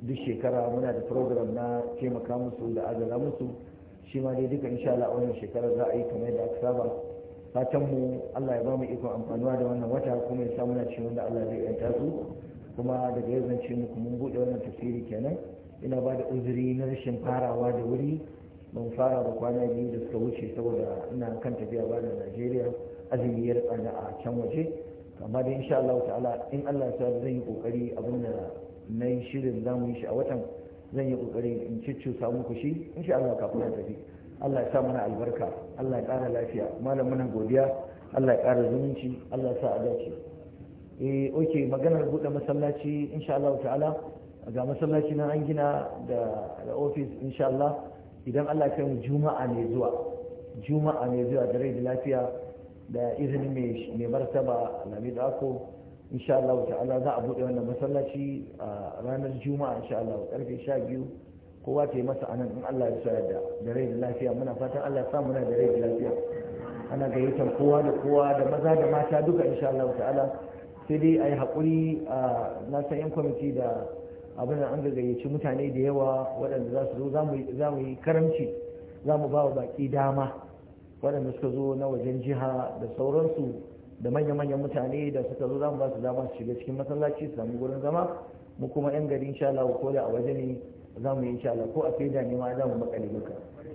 duk shekara muna da program na taimaka musu da azala musu shi ma dai duka insha Allah wannan shekara za a yi kamar yadda aka saba fatan mu Allah ya ba mu ikon amfanuwa da wannan wata kuma ya sa muna cikin wanda Allah zai yanta su kuma daga yau zance muku mun bude wannan tafsiri kenan ina ba da uzuri na rashin farawa da wuri ban fara da kwana biyu da suka wuce saboda ina kan tafiya ba da Najeriya azumi ya rika a can waje amma dai insha Allah ta'ala in Allah ya sa zan yi kokari abin da na shirin za mu yi shi a watan zan yi kokari in cicciusa muku shi insha Allah kafin na tafi Allah ya sa mana albarka Allah ya ƙara lafiya malam muna godiya Allah ya ƙara zumunci Allah ya sa a dace eh oke maganar buɗe masallaci insha Allah ta'ala ga masallaci nan an gina da ofis insha Allah idan Allah ya kai mu juma'a ne zuwa juma'a ne zuwa da rai da lafiya da izinin mai martaba da ako insha Allah ta'ala za a buɗe wannan masallaci a ranar juma'a insha Allah karfe 12 kowa ta yi masa anan in Allah ya sa da da rai da lafiya muna fatan Allah ya sa muna da rai da lafiya ana gayyatar kowa da kowa da maza da mata duka insha Allah ta'ala sai dai a yi hakuri a na yan kwamiti da abin da an gayyaci mutane da yawa waɗanda za su zo za mu yi karamci za mu ba wa dama waɗanda suka zo na wajen jiha da sauransu da manya-manyan mutane da suka zo za mu ba su dama su shiga cikin masallaci su samu gurin zama mu kuma yan gari insha Allah ko da a waje ne za mu yi insha Allah ko a faida ne ma za mu makale maka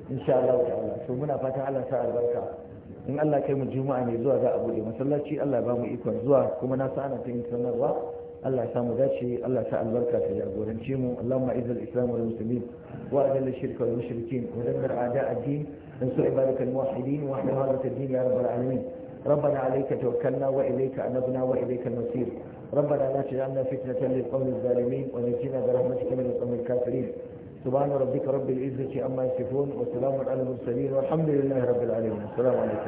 insha Allah ta'ala to muna fatan Allah sa albarka in Allah kai mu juma'a ne zuwa za a bude masallaci Allah ba mu ikon zuwa kuma na sa ana cikin sanarwa Allah ya samu dace Allah ya sa albarka ta jagorance mu Allahumma izil islam wal muslimin wa adalla shirka wal mushrikin wa dammir a'da ad-din انصر عبادك الموحدين واحمل هذا الدين يا رب العالمين ربنا عليك توكلنا وإليك أنبنا وإليك المصير ربنا لا تجعلنا فتنة للقوم الظالمين ونجينا برحمتك من القوم الكافرين سبحان ربك رب العزة عما يصفون وسلام على المرسلين والحمد لله رب العالمين السلام عليكم